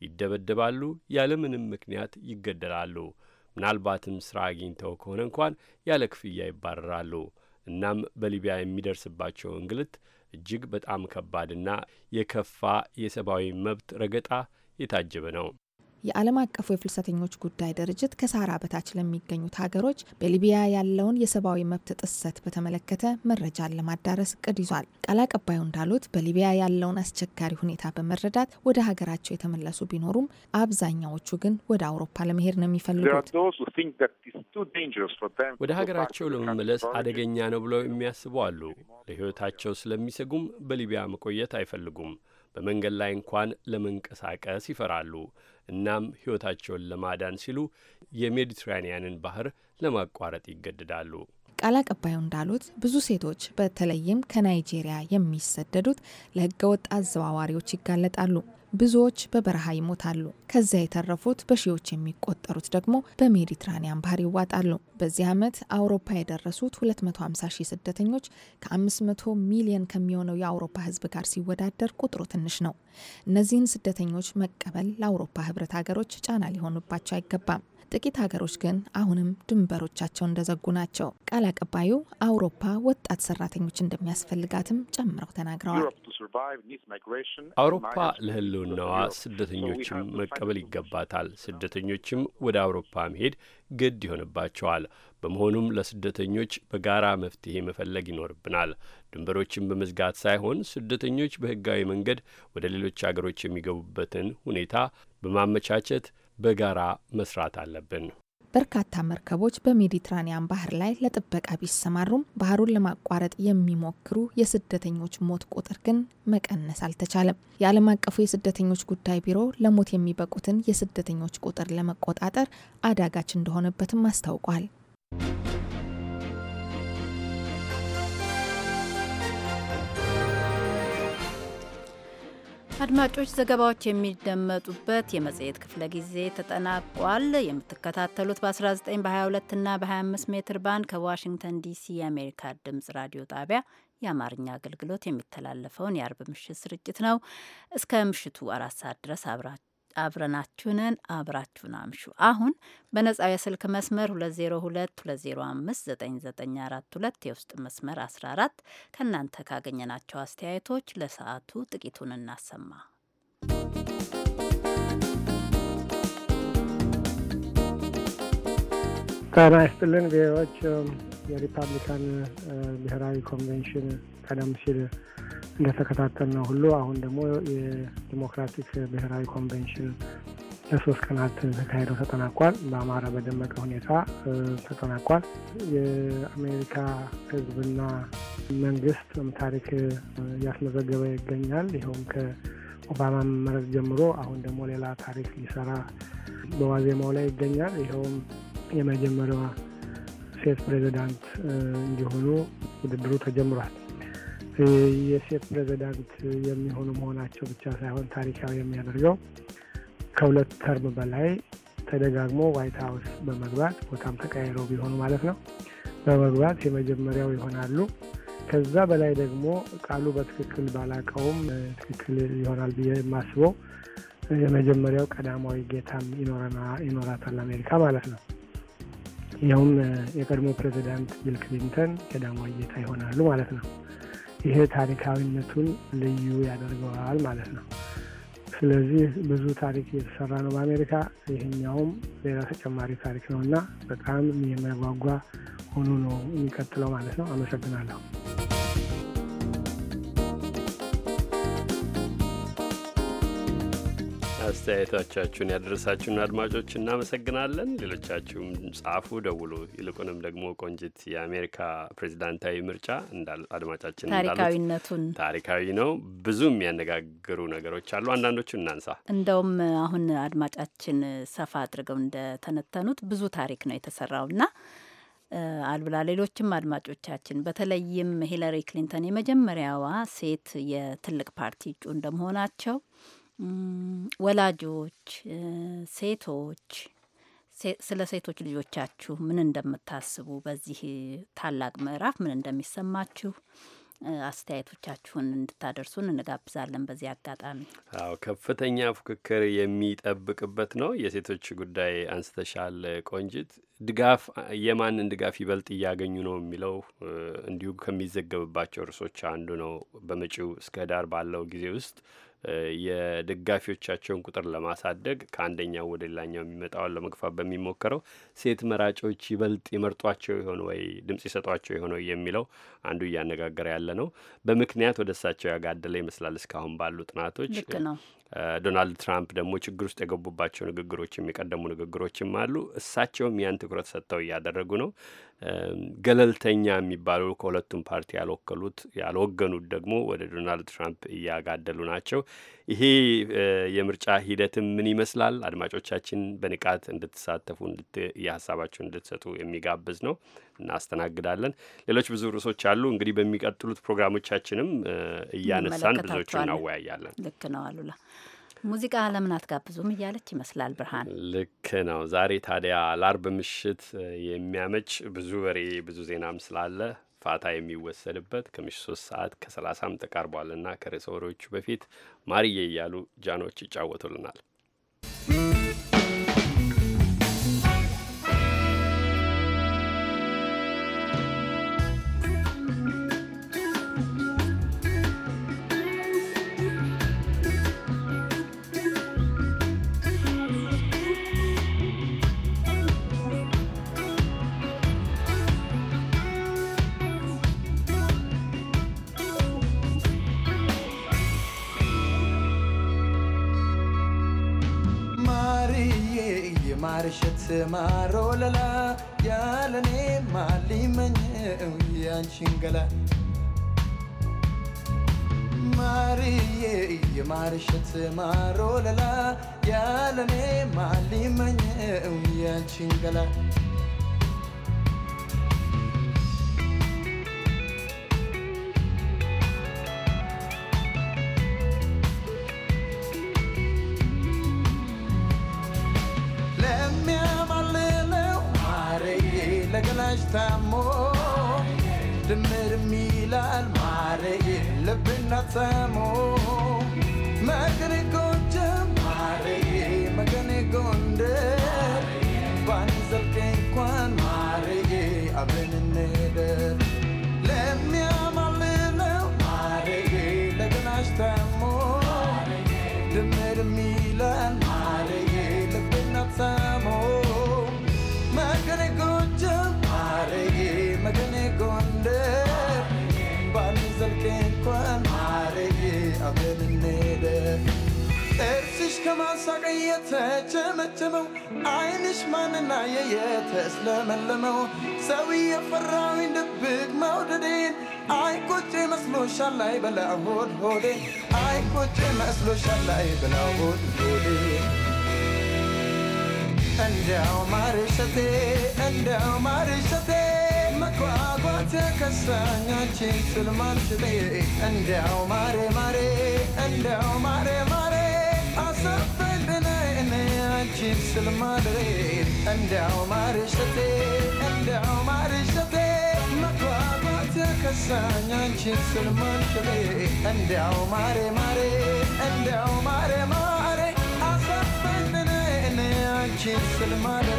ይደበደባሉ፣ ያለምንም ምክንያት ይገደላሉ። ምናልባትም ስራ አግኝተው ከሆነ እንኳን ያለ ክፍያ ይባረራሉ። እናም በሊቢያ የሚደርስባቸው እንግልት እጅግ በጣም ከባድና የከፋ የሰብአዊ መብት ረገጣ የታጀበ ነው። የዓለም አቀፉ የፍልሰተኞች ጉዳይ ድርጅት ከሳራ በታች ለሚገኙት ሀገሮች በሊቢያ ያለውን የሰብአዊ መብት ጥሰት በተመለከተ መረጃን ለማዳረስ እቅድ ይዟል። ቃል አቀባዩ እንዳሉት በሊቢያ ያለውን አስቸጋሪ ሁኔታ በመረዳት ወደ ሀገራቸው የተመለሱ ቢኖሩም አብዛኛዎቹ ግን ወደ አውሮፓ ለመሄድ ነው የሚፈልጉት። ወደ ሀገራቸው ለመመለስ አደገኛ ነው ብለው የሚያስቡ አሉ። ለሕይወታቸው ስለሚሰጉም በሊቢያ መቆየት አይፈልጉም። በመንገድ ላይ እንኳን ለመንቀሳቀስ ይፈራሉ። እናም ሕይወታቸውን ለማዳን ሲሉ የሜዲትራኒያንን ባህር ለማቋረጥ ይገደዳሉ። ቃል አቀባዩ እንዳሉት ብዙ ሴቶች በተለይም ከናይጄሪያ የሚሰደዱት ለህገወጥ አዘዋዋሪዎች ይጋለጣሉ። ብዙዎች በበረሃ ይሞታሉ። ከዚያ የተረፉት በሺዎች የሚቆጠሩት ደግሞ በሜዲትራኒያን ባህር ይዋጣሉ። በዚህ ዓመት አውሮፓ የደረሱት 250 ሺህ ስደተኞች ከ500 ሚሊዮን ከሚሆነው የአውሮፓ ሕዝብ ጋር ሲወዳደር ቁጥሩ ትንሽ ነው። እነዚህን ስደተኞች መቀበል ለአውሮፓ ሕብረት ሀገሮች ጫና ሊሆኑባቸው አይገባም። ጥቂት ሀገሮች ግን አሁንም ድንበሮቻቸው እንደዘጉ ናቸው። ቃል አቀባዩ አውሮፓ ወጣት ሰራተኞች እንደሚያስፈልጋትም ጨምረው ተናግረዋል። አውሮፓ ለህልውናዋ ስደተኞችም መቀበል ይገባታል። ስደተኞችም ወደ አውሮፓ መሄድ ግድ ይሆንባቸዋል። በመሆኑም ለስደተኞች በጋራ መፍትሄ መፈለግ ይኖርብናል። ድንበሮችን በመዝጋት ሳይሆን ስደተኞች በህጋዊ መንገድ ወደ ሌሎች አገሮች የሚገቡበትን ሁኔታ በማመቻቸት በጋራ መስራት አለብን። በርካታ መርከቦች በሜዲትራኒያን ባህር ላይ ለጥበቃ ቢሰማሩም ባህሩን ለማቋረጥ የሚሞክሩ የስደተኞች ሞት ቁጥር ግን መቀነስ አልተቻለም። የዓለም አቀፉ የስደተኞች ጉዳይ ቢሮ ለሞት የሚበቁትን የስደተኞች ቁጥር ለመቆጣጠር አዳጋች እንደሆነበትም አስታውቋል። አድማጮች ዘገባዎች የሚደመጡበት የመጽሔት ክፍለ ጊዜ ተጠናቋል። የምትከታተሉት በ19 በ22 እና በ25 ሜትር ባንድ ከዋሽንግተን ዲሲ የአሜሪካ ድምጽ ራዲዮ ጣቢያ የአማርኛ አገልግሎት የሚተላለፈውን የአርብ ምሽት ስርጭት ነው። እስከ ምሽቱ አራት ሰዓት ድረስ አብራችሁ አብረናችሁንን አብራችሁን አምሹ። አሁን በነጻው የስልክ መስመር 2022059942 የውስጥ መስመር 14 ከእናንተ ካገኘናቸው አስተያየቶች ለሰዓቱ ጥቂቱን እናሰማ። ጤና ይስጥልን ቪዎች የሪፐብሊካን ብሔራዊ ኮንቬንሽን ቀደም ሲል እንደተከታተል ነው ሁሉ አሁን ደግሞ የዲሞክራቲክ ብሔራዊ ኮንቬንሽን ለሶስት ቀናት ተካሄደው ተጠናቋል። በአማራ በደመቀ ሁኔታ ተጠናቋል። የአሜሪካ ህዝብና መንግስት ታሪክ እያስመዘገበ ይገኛል። ይኸውም ከኦባማ መመረጥ ጀምሮ አሁን ደግሞ ሌላ ታሪክ ሊሰራ በዋዜማው ላይ ይገኛል። ይኸውም የመጀመሪያ ሴት ፕሬዚዳንት እንዲሆኑ ውድድሩ ተጀምሯል። የሴት ፕሬዚዳንት የሚሆኑ መሆናቸው ብቻ ሳይሆን ታሪካዊ የሚያደርገው ከሁለት ተርም በላይ ተደጋግሞ ዋይት ሀውስ በመግባት ቦታም ተቀያይረው ቢሆኑ ማለት ነው በመግባት የመጀመሪያው ይሆናሉ። ከዛ በላይ ደግሞ ቃሉ በትክክል ባላቀውም ትክክል ይሆናል ብዬ የማስበው የመጀመሪያው ቀዳማዊ ጌታም ይኖራታል አሜሪካ ማለት ነው። ይኸውም የቀድሞ ፕሬዚዳንት ቢል ክሊንተን ቀዳማዊ ጌታ ይሆናሉ ማለት ነው። ይሄ ታሪካዊነቱን ልዩ ያደርገዋል ማለት ነው። ስለዚህ ብዙ ታሪክ እየተሰራ ነው በአሜሪካ። ይህኛውም ሌላ ተጨማሪ ታሪክ ነው እና በጣም የሚያጓጓ ሆኖ ነው የሚቀጥለው ማለት ነው። አመሰግናለሁ። አስተያየቶቻችሁን ያደረሳችሁን አድማጮች እናመሰግናለን። ሌሎቻችሁም ጻፉ፣ ደውሉ። ይልቁንም ደግሞ ቆንጅት የአሜሪካ ፕሬዚዳንታዊ ምርጫ አድማጫችን ታሪካዊነቱን ታሪካዊ ነው። ብዙ የሚያነጋግሩ ነገሮች አሉ። አንዳንዶቹ እናንሳ። እንደውም አሁን አድማጫችን ሰፋ አድርገው እንደተነተኑት ብዙ ታሪክ ነው የተሰራውና አልብላ ሌሎችም አድማጮቻችን በተለይም ሂለሪ ክሊንተን የመጀመሪያዋ ሴት የትልቅ ፓርቲ እጩ እንደመሆናቸው ወላጆች፣ ሴቶች ስለ ሴቶች ልጆቻችሁ ምን እንደምታስቡ በዚህ ታላቅ ምዕራፍ ምን እንደሚሰማችሁ አስተያየቶቻችሁን እንድታደርሱን እንጋብዛለን። በዚህ አጋጣሚ አዎ ከፍተኛ ፉክክር የሚጠብቅበት ነው። የሴቶች ጉዳይ አንስተሻል ቆንጅት። ድጋፍ የማንን ድጋፍ ይበልጥ እያገኙ ነው የሚለው እንዲሁ ከሚዘገብባቸው ርዕሶች አንዱ ነው። በመጪው እስከ ዳር ባለው ጊዜ ውስጥ የደጋፊዎቻቸውን ቁጥር ለማሳደግ ከአንደኛው ወደ ሌላኛው የሚመጣውን ለመግፋት በሚሞከረው ሴት መራጮች ይበልጥ ይመርጧቸው የሆነ ወይ ድምጽ ይሰጧቸው የሆነ የሚለው አንዱ እያነጋገረ ያለ ነው። በምክንያት ወደ እሳቸው ያጋደለ ይመስላል እስካሁን ባሉ ጥናቶች። ልክ ነው። ዶናልድ ትራምፕ ደግሞ ችግር ውስጥ የገቡባቸው ንግግሮች፣ የሚቀደሙ ንግግሮችም አሉ። እሳቸውም ያን ትኩረት ሰጥተው እያደረጉ ነው። ገለልተኛ የሚባሉ ከሁለቱም ፓርቲ ያልወከሉት ያልወገኑት ደግሞ ወደ ዶናልድ ትራምፕ እያጋደሉ ናቸው። ይሄ የምርጫ ሂደትም ምን ይመስላል? አድማጮቻችን በንቃት እንድትሳተፉ የሀሳባችሁን እንድትሰጡ የሚጋብዝ ነው። እናስተናግዳለን። ሌሎች ብዙ ርዕሶች አሉ። እንግዲህ በሚቀጥሉት ፕሮግራሞቻችንም እያነሳን ብዙዎቹ እናወያያለን። ልክ ነው አሉላ ሙዚቃ ለምን አትጋብዙም እያለች ይመስላል ብርሃን። ልክ ነው። ዛሬ ታዲያ ለአርብ ምሽት የሚያመች ብዙ ወሬ ብዙ ዜናም ስላለ ፋታ የሚወሰድበት ከምሽት ሶስት ሰዓት ከሰላሳም ተቃርቧልና ከርዕሰ ወሬዎቹ በፊት ማርዬ እያሉ ጃኖች ይጫወቱልናል። ምሽት ማሮ ለላ ያለኔ ማሊመኘው ያንቺን ገላ ማርዬ የማርሸት ማሮ ያለኔ ማሊመኘው ያንቺን ገላ ነሽ ታሞ ድምር ሚላል ማሬ ልብና ተሞ መገኔ ጎንደር ማሬ መገኔ ጎንደር ባንዘልቅ እንኳን ማሬ አብረን ከማሳቅ እየተጨመጨመው አይንሽ ማንና የየተስለመለመው ሰው የፈራዊ ድብቅ መውደዴን አይቆጭ መስሎሻል ላይ በላ ሆድ ሆዴ አይቆጭ መስሎሻል ላይ በላ ሆድ ሆዴ ማርሸቴ ማርሸቴ መጓጓት ከሳኛችን ማሬ ማሬ ማሬ ማሬ ሰፈንደነ እኔ አንቺን ስለማድሬ እንዳው ማርሸቴ እንዳው ማርሸቴ መግባባት ከሳኝ አንቺን ስለማልሽሬ እንዳው ማሬ ማሬ እንዳው ማሬ ማሬ አሰፈንደነ እኔ አንቺን ስለማድሬ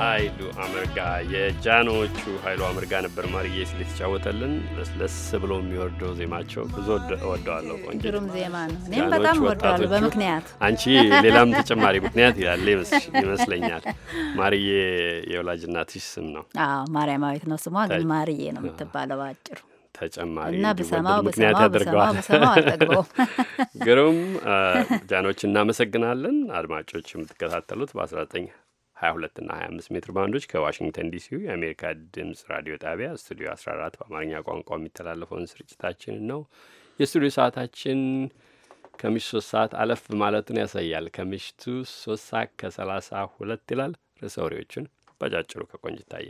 ኃይሉ አመርጋ የጃኖቹ ኃይሉ አመርጋ ነበር ማርዬ ሲል የተጫወተልን። ለስለስ ብሎ የሚወርደው ዜማቸው ብዙ ወደዋለሁ። ግሩም ዜማ ነው። እኔም በጣም እወደዋለሁ በምክንያት አንቺ ሌላም ተጨማሪ ምክንያት ያለ ይመስለኛል። ማርዬ የወላጅ እናትሽ ስም ነው? አዎ ማርያማዊት ነው ስሟ፣ ግን ማርዬ ነው የምትባለው አጭሩ ተጨማሪ እና ብሰማው ምክንያት ያደርገዋል። ግሩም ጃኖች እናመሰግናለን። አድማጮች የምትከታተሉት በ19 22 እና 25 ሜትር ባንዶች ከዋሽንግተን ዲሲው የአሜሪካ ድምፅ ራዲዮ ጣቢያ ስቱዲዮ 14 በአማርኛ ቋንቋ የሚተላለፈውን ስርጭታችንን ነው። የስቱዲዮ ሰዓታችን ከምሽቱ ሶስት ሰዓት አለፍ ማለቱን ያሳያል። ከምሽቱ ሶስት ሰዓት ከ32 ይላል። ርዕሰ ወሬዎቹን ባጫጭሩ ከቆንጅታየ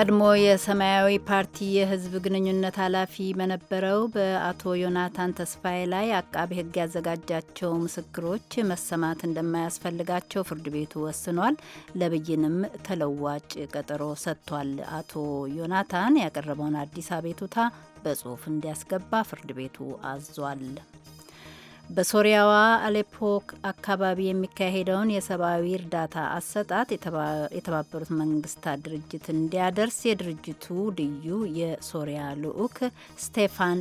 ቀድሞ የሰማያዊ ፓርቲ የህዝብ ግንኙነት ኃላፊ በነበረው በአቶ ዮናታን ተስፋዬ ላይ አቃቤ ህግ ያዘጋጃቸው ምስክሮች መሰማት እንደማያስፈልጋቸው ፍርድ ቤቱ ወስኗል። ለብይንም ተለዋጭ ቀጠሮ ሰጥቷል። አቶ ዮናታን ያቀረበውን አዲስ አቤቱታ በጽሁፍ እንዲያስገባ ፍርድ ቤቱ አዟል። በሶሪያዋ አሌፖ አካባቢ የሚካሄደውን የሰብአዊ እርዳታ አሰጣጥ የተባበሩት መንግስታት ድርጅት እንዲያደርስ የድርጅቱ ልዩ የሶሪያ ልዑክ ስቴፋን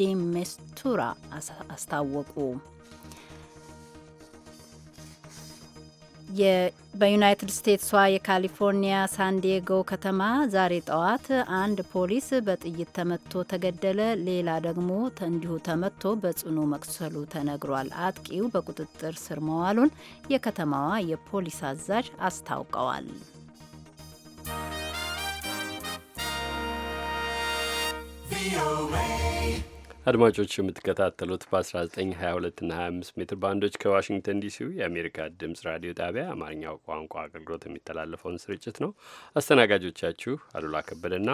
ዲሜስቱራ አስታወቁ። በዩናይትድ ስቴትሷ የካሊፎርኒያ ሳንዲየጎ ከተማ ዛሬ ጠዋት አንድ ፖሊስ በጥይት ተመቶ ተገደለ። ሌላ ደግሞ እንዲሁ ተመቶ በጽኑ መቁሰሉ ተነግሯል። አጥቂው በቁጥጥር ስር መዋሉን የከተማዋ የፖሊስ አዛዥ አስታውቀዋል። ቪኦኤ አድማጮች የምትከታተሉት በ1922 እና 25 ሜትር ባንዶች ከዋሽንግተን ዲሲው የአሜሪካ ድምፅ ራዲዮ ጣቢያ አማርኛው ቋንቋ አገልግሎት የሚተላለፈውን ስርጭት ነው። አስተናጋጆቻችሁ አሉላ ከበደና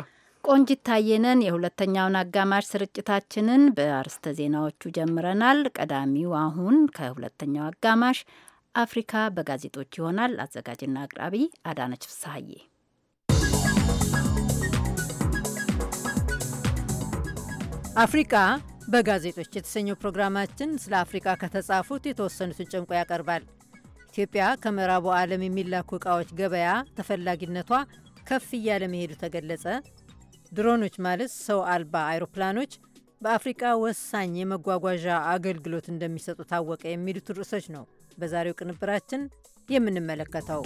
ቆንጂት ታየነን። የሁለተኛውን አጋማሽ ስርጭታችንን በአርስተ ዜናዎቹ ጀምረናል። ቀዳሚው አሁን ከሁለተኛው አጋማሽ አፍሪካ በጋዜጦች ይሆናል። አዘጋጅና አቅራቢ አዳነች ፍስሀዬ አፍሪካ በጋዜጦች የተሰኘው ፕሮግራማችን ስለ አፍሪቃ ከተጻፉት የተወሰኑትን ጨምቆ ያቀርባል። ኢትዮጵያ ከምዕራቡ ዓለም የሚላኩ ዕቃዎች ገበያ ተፈላጊነቷ ከፍ እያለ መሄዱ ተገለጸ፣ ድሮኖች ማለት ሰው አልባ አይሮፕላኖች በአፍሪቃ ወሳኝ የመጓጓዣ አገልግሎት እንደሚሰጡ ታወቀ፣ የሚሉት ርዕሶች ነው በዛሬው ቅንብራችን የምንመለከተው።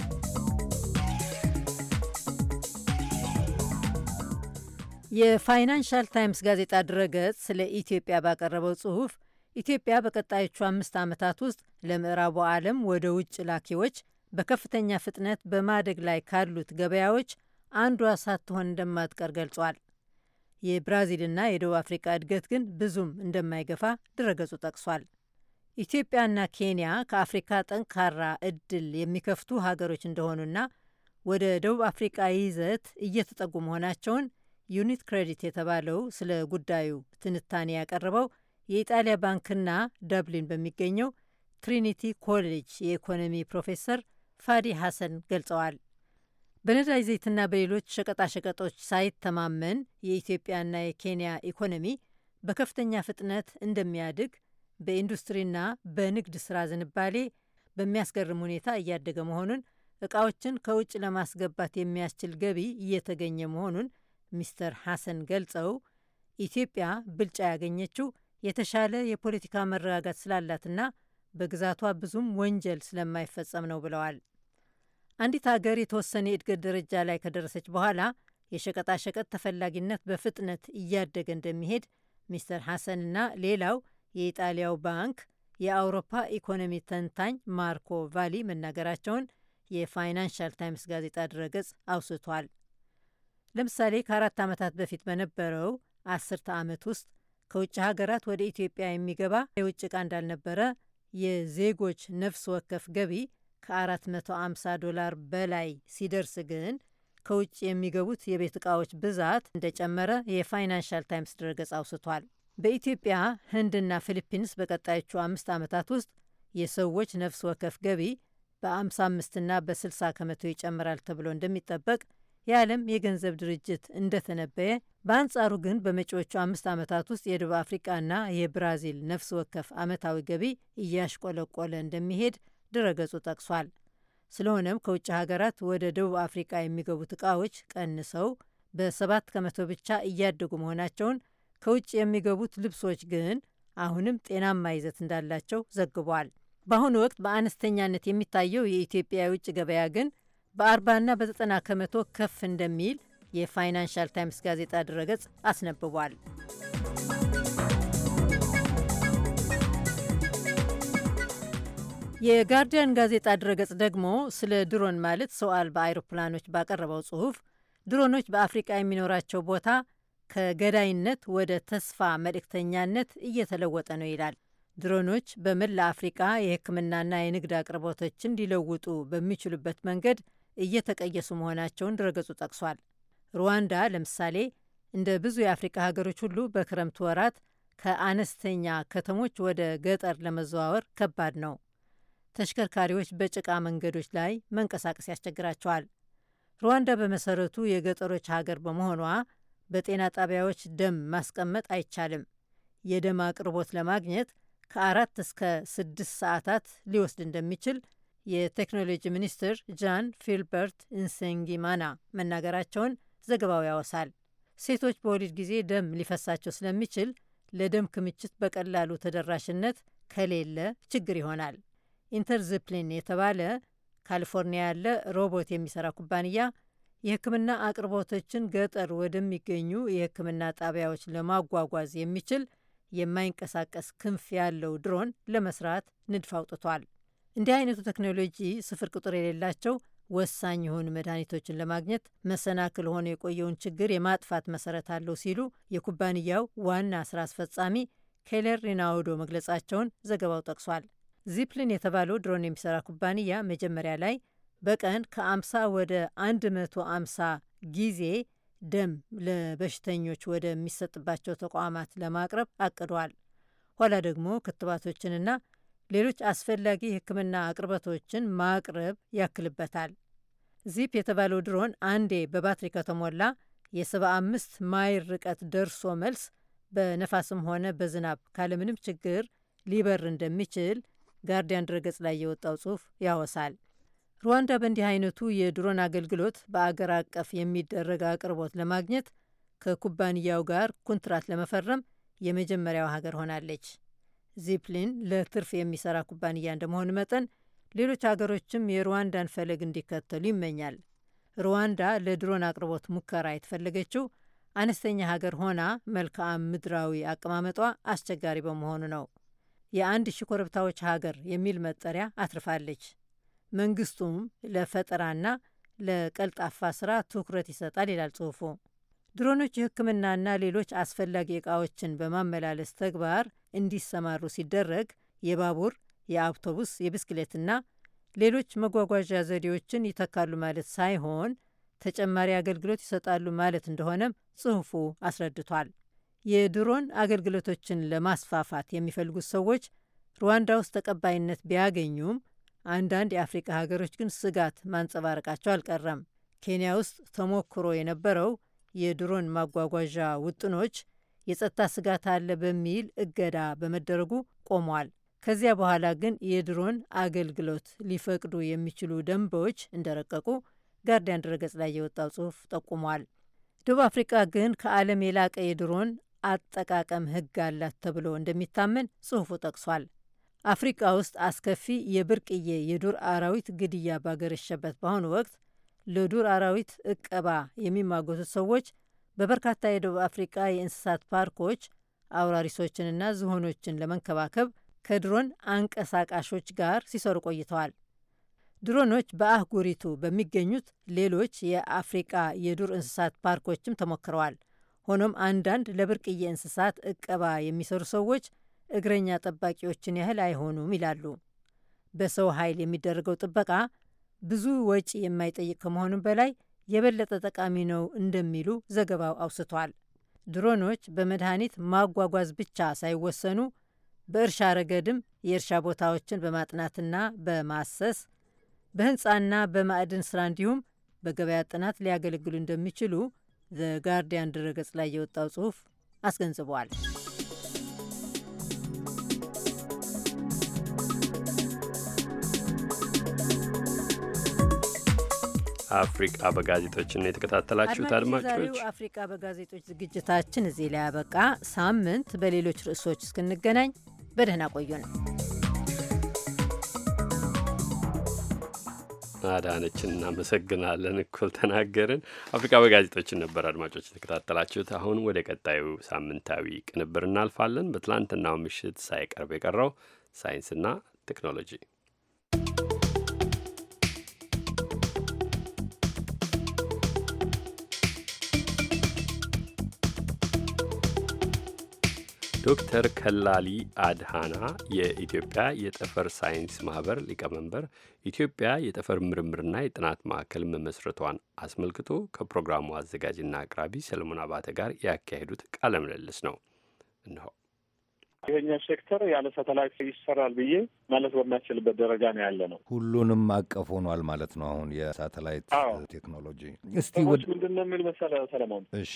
የፋይናንሻል ታይምስ ጋዜጣ ድረገጽ ስለ ኢትዮጵያ ባቀረበው ጽሑፍ ኢትዮጵያ በቀጣዮቹ አምስት ዓመታት ውስጥ ለምዕራቡ ዓለም ወደ ውጭ ላኪዎች በከፍተኛ ፍጥነት በማደግ ላይ ካሉት ገበያዎች አንዷ ሳትሆን እንደማትቀር ገልጿል። የብራዚልና የደቡብ አፍሪካ እድገት ግን ብዙም እንደማይገፋ ድረገጹ ጠቅሷል። ኢትዮጵያና ኬንያ ከአፍሪካ ጠንካራ እድል የሚከፍቱ ሀገሮች እንደሆኑና ወደ ደቡብ አፍሪቃ ይዘት እየተጠጉ መሆናቸውን ዩኒት ክሬዲት የተባለው ስለ ጉዳዩ ትንታኔ ያቀረበው የኢጣሊያ ባንክና ደብሊን በሚገኘው ትሪኒቲ ኮሌጅ የኢኮኖሚ ፕሮፌሰር ፋዲ ሐሰን ገልጸዋል። በነዳጅ ዘይትና በሌሎች ሸቀጣሸቀጦች ሳይተማመን የኢትዮጵያና የኬንያ ኢኮኖሚ በከፍተኛ ፍጥነት እንደሚያድግ በኢንዱስትሪና በንግድ ስራ ዝንባሌ በሚያስገርም ሁኔታ እያደገ መሆኑን፣ እቃዎችን ከውጭ ለማስገባት የሚያስችል ገቢ እየተገኘ መሆኑን ሚስተር ሐሰን ገልጸው ኢትዮጵያ ብልጫ ያገኘችው የተሻለ የፖለቲካ መረጋጋት ስላላትና በግዛቷ ብዙም ወንጀል ስለማይፈጸም ነው ብለዋል። አንዲት ሀገር የተወሰነ የእድገት ደረጃ ላይ ከደረሰች በኋላ የሸቀጣሸቀጥ ተፈላጊነት በፍጥነት እያደገ እንደሚሄድ ሚስተር ሐሰንና ሌላው የኢጣሊያው ባንክ የአውሮፓ ኢኮኖሚ ተንታኝ ማርኮ ቫሊ መናገራቸውን የፋይናንሻል ታይምስ ጋዜጣ ድረገጽ አውስቷል። ለምሳሌ ከአራት ዓመታት በፊት በነበረው አስርተ ዓመት ውስጥ ከውጭ ሀገራት ወደ ኢትዮጵያ የሚገባ የውጭ ዕቃ እንዳልነበረ የዜጎች ነፍስ ወከፍ ገቢ ከ450 ዶላር በላይ ሲደርስ ግን ከውጭ የሚገቡት የቤት ዕቃዎች ብዛት እንደጨመረ የፋይናንሻል ታይምስ ድረገጽ አውስቷል። በኢትዮጵያ ህንድና ፊሊፒንስ በቀጣዮቹ አምስት ዓመታት ውስጥ የሰዎች ነፍስ ወከፍ ገቢ በ55ና በ60 ከመቶ ይጨምራል ተብሎ እንደሚጠበቅ የዓለም የገንዘብ ድርጅት እንደተነበየ፣ በአንጻሩ ግን በመጪዎቹ አምስት ዓመታት ውስጥ የደቡብ አፍሪቃና የብራዚል ነፍስ ወከፍ ዓመታዊ ገቢ እያሽቆለቆለ እንደሚሄድ ድረገጹ ጠቅሷል። ስለሆነም ከውጭ ሀገራት ወደ ደቡብ አፍሪቃ የሚገቡት ዕቃዎች ቀንሰው በሰባት ከመቶ ብቻ እያደጉ መሆናቸውን፣ ከውጭ የሚገቡት ልብሶች ግን አሁንም ጤናማ ይዘት እንዳላቸው ዘግቧል። በአሁኑ ወቅት በአነስተኛነት የሚታየው የኢትዮጵያ የውጭ ገበያ ግን በአርባና በዘጠና ከመቶ ከፍ እንደሚል የፋይናንሻል ታይምስ ጋዜጣ ድረገጽ አስነብቧል። የጋርዲያን ጋዜጣ ድረገጽ ደግሞ ስለ ድሮን ማለት ሰው አልባ አይሮፕላኖች ባቀረበው ጽሑፍ ድሮኖች በአፍሪቃ የሚኖራቸው ቦታ ከገዳይነት ወደ ተስፋ መልእክተኛነት እየተለወጠ ነው ይላል። ድሮኖች በመላ አፍሪቃ የሕክምናና የንግድ አቅርቦቶችን ሊለውጡ በሚችሉበት መንገድ እየተቀየሱ መሆናቸውን ድረገጹ ጠቅሷል። ሩዋንዳ ለምሳሌ እንደ ብዙ የአፍሪካ ሀገሮች ሁሉ በክረምት ወራት ከአነስተኛ ከተሞች ወደ ገጠር ለመዘዋወር ከባድ ነው። ተሽከርካሪዎች በጭቃ መንገዶች ላይ መንቀሳቀስ ያስቸግራቸዋል። ሩዋንዳ በመሰረቱ የገጠሮች ሀገር በመሆኗ በጤና ጣቢያዎች ደም ማስቀመጥ አይቻልም። የደም አቅርቦት ለማግኘት ከአራት እስከ ስድስት ሰዓታት ሊወስድ እንደሚችል የቴክኖሎጂ ሚኒስትር ጃን ፊልበርት ኢንሰንጊማና መናገራቸውን ዘገባው ያወሳል። ሴቶች በወሊድ ጊዜ ደም ሊፈሳቸው ስለሚችል ለደም ክምችት በቀላሉ ተደራሽነት ከሌለ ችግር ይሆናል። ኢንተርዝፕሊን የተባለ ካሊፎርኒያ ያለ ሮቦት የሚሰራ ኩባንያ የሕክምና አቅርቦቶችን ገጠር ወደሚገኙ የሕክምና ጣቢያዎች ለማጓጓዝ የሚችል የማይንቀሳቀስ ክንፍ ያለው ድሮን ለመስራት ንድፍ አውጥቷል። እንዲህ አይነቱ ቴክኖሎጂ ስፍር ቁጥር የሌላቸው ወሳኝ የሆኑ መድኃኒቶችን ለማግኘት መሰናክል ሆኖ የቆየውን ችግር የማጥፋት መሰረት አለው ሲሉ የኩባንያው ዋና ስራ አስፈጻሚ ኬለር ሪናውዶ መግለጻቸውን ዘገባው ጠቅሷል። ዚፕሊን የተባለው ድሮን የሚሰራ ኩባንያ መጀመሪያ ላይ በቀን ከ50 ወደ 150 ጊዜ ደም ለበሽተኞች ወደሚሰጥባቸው ተቋማት ለማቅረብ አቅዷል። ኋላ ደግሞ ክትባቶችንና ሌሎች አስፈላጊ የሕክምና አቅርቦቶችን ማቅረብ ያክልበታል። ዚፕ የተባለው ድሮን አንዴ በባትሪ ከተሞላ የ75 ማይል ርቀት ደርሶ መልስ በነፋስም ሆነ በዝናብ ካለምንም ችግር ሊበር እንደሚችል ጋርዲያን ድረገጽ ላይ የወጣው ጽሑፍ ያወሳል። ሩዋንዳ በእንዲህ አይነቱ የድሮን አገልግሎት በአገር አቀፍ የሚደረግ አቅርቦት ለማግኘት ከኩባንያው ጋር ኩንትራት ለመፈረም የመጀመሪያው ሀገር ሆናለች። ዚፕሊን ለትርፍ የሚሰራ ኩባንያ እንደመሆኑ መጠን ሌሎች ሀገሮችም የሩዋንዳን ፈለግ እንዲከተሉ ይመኛል። ሩዋንዳ ለድሮን አቅርቦት ሙከራ የተፈለገችው አነስተኛ ሀገር ሆና መልክዓ ምድራዊ አቀማመጧ አስቸጋሪ በመሆኑ ነው። የአንድ ሺ ኮረብታዎች ሀገር የሚል መጠሪያ አትርፋለች። መንግስቱም ለፈጠራና ለቀልጣፋ ስራ ትኩረት ይሰጣል ይላል ጽሁፉ። ድሮኖች የሕክምናና ሌሎች አስፈላጊ እቃዎችን በማመላለስ ተግባር እንዲሰማሩ ሲደረግ የባቡር፣ የአውቶቡስ፣ የብስክሌትና ሌሎች መጓጓዣ ዘዴዎችን ይተካሉ ማለት ሳይሆን ተጨማሪ አገልግሎት ይሰጣሉ ማለት እንደሆነም ጽሑፉ አስረድቷል። የድሮን አገልግሎቶችን ለማስፋፋት የሚፈልጉት ሰዎች ሩዋንዳ ውስጥ ተቀባይነት ቢያገኙም አንዳንድ የአፍሪቃ ሀገሮች ግን ስጋት ማንጸባረቃቸው አልቀረም። ኬንያ ውስጥ ተሞክሮ የነበረው የድሮን ማጓጓዣ ውጥኖች የጸጥታ ስጋት አለ በሚል እገዳ በመደረጉ ቆሟል። ከዚያ በኋላ ግን የድሮን አገልግሎት ሊፈቅዱ የሚችሉ ደንቦች እንደረቀቁ ጋርዲያን ድረገጽ ላይ የወጣው ጽሑፍ ጠቁሟል። ደቡብ አፍሪቃ ግን ከዓለም የላቀ የድሮን አጠቃቀም ሕግ አላት ተብሎ እንደሚታመን ጽሑፉ ጠቅሷል። አፍሪቃ ውስጥ አስከፊ የብርቅዬ የዱር አራዊት ግድያ ባገረሸበት በአሁኑ ወቅት ለዱር አራዊት እቀባ የሚሟገቱት ሰዎች በበርካታ የደቡብ አፍሪቃ የእንስሳት ፓርኮች አውራሪሶችንና ዝሆኖችን ለመንከባከብ ከድሮን አንቀሳቃሾች ጋር ሲሰሩ ቆይተዋል። ድሮኖች በአህጉሪቱ በሚገኙት ሌሎች የአፍሪቃ የዱር እንስሳት ፓርኮችም ተሞክረዋል። ሆኖም አንዳንድ ለብርቅዬ እንስሳት እቀባ የሚሰሩ ሰዎች እግረኛ ጠባቂዎችን ያህል አይሆኑም ይላሉ። በሰው ኃይል የሚደረገው ጥበቃ ብዙ ወጪ የማይጠይቅ ከመሆኑም በላይ የበለጠ ጠቃሚ ነው እንደሚሉ ዘገባው አውስቷል። ድሮኖች በመድኃኒት ማጓጓዝ ብቻ ሳይወሰኑ በእርሻ ረገድም የእርሻ ቦታዎችን በማጥናትና በማሰስ በህንፃና በማዕድን ስራ እንዲሁም በገበያ ጥናት ሊያገለግሉ እንደሚችሉ ዘጋርዲያን ድረገጽ ላይ የወጣው ጽሑፍ አስገንዝቧል። አፍሪቃ በጋዜጦች ነው የተከታተላችሁት አድማጮች። አፍሪቃ በጋዜጦች ዝግጅታችን እዚህ ላይ ያበቃ። ሳምንት በሌሎች ርዕሶች እስክንገናኝ በደህና ቆዩ ነው አዳነችን እናመሰግናለን። እኩል ተናገርን። አፍሪካ በጋዜጦችን ነበር አድማጮች የተከታተላችሁት። አሁን ወደ ቀጣዩ ሳምንታዊ ቅንብር እናልፋለን። በትላንትናው ምሽት ሳይቀርብ የቀረው ሳይንስና ቴክኖሎጂ ዶክተር ከላሊ አድሃና የኢትዮጵያ የጠፈር ሳይንስ ማህበር ሊቀመንበር ኢትዮጵያ የጠፈር ምርምርና የጥናት ማዕከል መመስረቷን አስመልክቶ ከፕሮግራሙ አዘጋጅና አቅራቢ ሰለሞን አባተ ጋር ያካሄዱት ቃለ ምልልስ ነው። እንሆ ይሄኛው ሴክተር ያለ ሳተላይት ይሰራል ብዬ ማለት በማይችልበት ደረጃ ነው ያለ ነው። ሁሉንም አቀፍ ሆኗል ማለት ነው። አሁን የሳተላይት ቴክኖሎጂ እስቲ ምንድን ነው የሚል መሰለ ሰለሞን? እሺ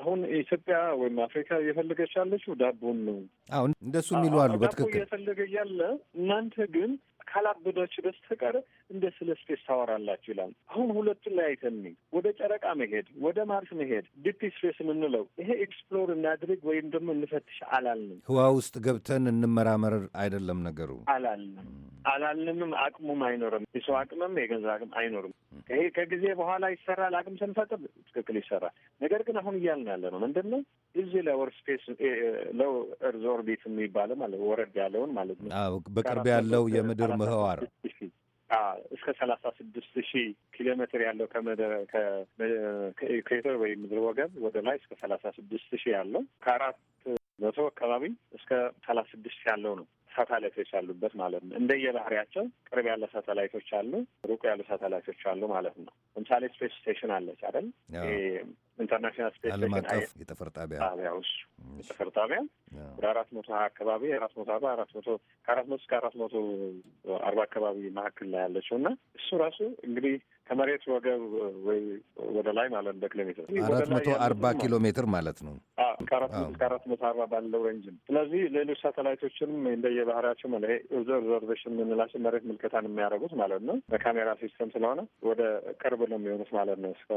አሁን ኢትዮጵያ ወይም አፍሪካ እየፈለገች ያለችው ዳቦን ነው። አሁን እንደሱ የሚሉ አሉ። በትክክል እየፈለገ ያለ እናንተ ግን ካላበዳችሁ በስተቀር እንደ ስለ ስፔስ ታወራላችሁ ይላል። አሁን ሁለቱን ላይ አይተኒ ወደ ጨረቃ መሄድ፣ ወደ ማርስ መሄድ ዲፕ ስፔስ የምንለው ይሄ ኤክስፕሎር እናድርግ ወይም ደግሞ እንፈትሽ አላልንም። ህዋ ውስጥ ገብተን እንመራመር አይደለም ነገሩ አላልንም አላልንምም። አቅሙም አይኖርም። የሰው አቅምም የገንዘብ አቅም አይኖርም። ይሄ ከጊዜ በኋላ ይሰራል። አቅም ስንፈጥር ትክክል ይሰራል። ነገር ግን አሁን እያልን ያለ ነው ምንድን ነው እዚህ ለወር ስፔስ ለው እርዝ ኦርቢት የሚባለው ማለት ወረድ ያለውን ማለት ነው በቅርብ ያለው የምድር ምህዋር እስከ ሰላሳ ስድስት ሺህ ኪሎ ሜትር ያለው ከኢኩዌተር ወይም ምድር ወገብ ወደ ላይ እስከ ሰላሳ ስድስት ሺህ ያለው ከአራት መቶ አካባቢ እስከ ሰላሳ ስድስት ያለው ነው። ሳተላይቶች አሉበት ማለት ነው። እንደየባህሪያቸው ቅርብ ያለ ሳተላይቶች አሉ፣ ሩቅ ያሉ ሳተላይቶች አሉ ማለት ነው። ለምሳሌ ስፔስ ስቴሽን አለች አይደል? ኢንተርናሽናል ስፔስ ዓለም አቀፍ የጠፈር ጣቢያ ጣቢያ ውስጥ የጠፈር ጣቢያ ወደ አራት መቶ ሀያ አካባቢ አራት መቶ አርባ አራት መቶ ከአራት መቶ እስከ አራት መቶ አርባ አካባቢ መካከል ላይ ያለችው እና እሱ ራሱ እንግዲህ ከመሬት ወገብ ወይ ወደ ላይ ማለት እንደ ኪሎ ሜትር አራት መቶ አርባ ኪሎ ሜትር ማለት ነው ከአራት መቶ እስከ አራት መቶ አርባ ባለው ሬንጅ ነው። ስለዚህ ሌሎች ሳተላይቶችንም እንደየባህሪያቸው ይሄ ኦብዘርቬሽን የምንላቸው መሬት ምልከታን የሚያደርጉት ማለት ነው በካሜራ ሲስተም ስለሆነ ወደ ቅርብ ነው የሚሆኑት ማለት ነው። እስከ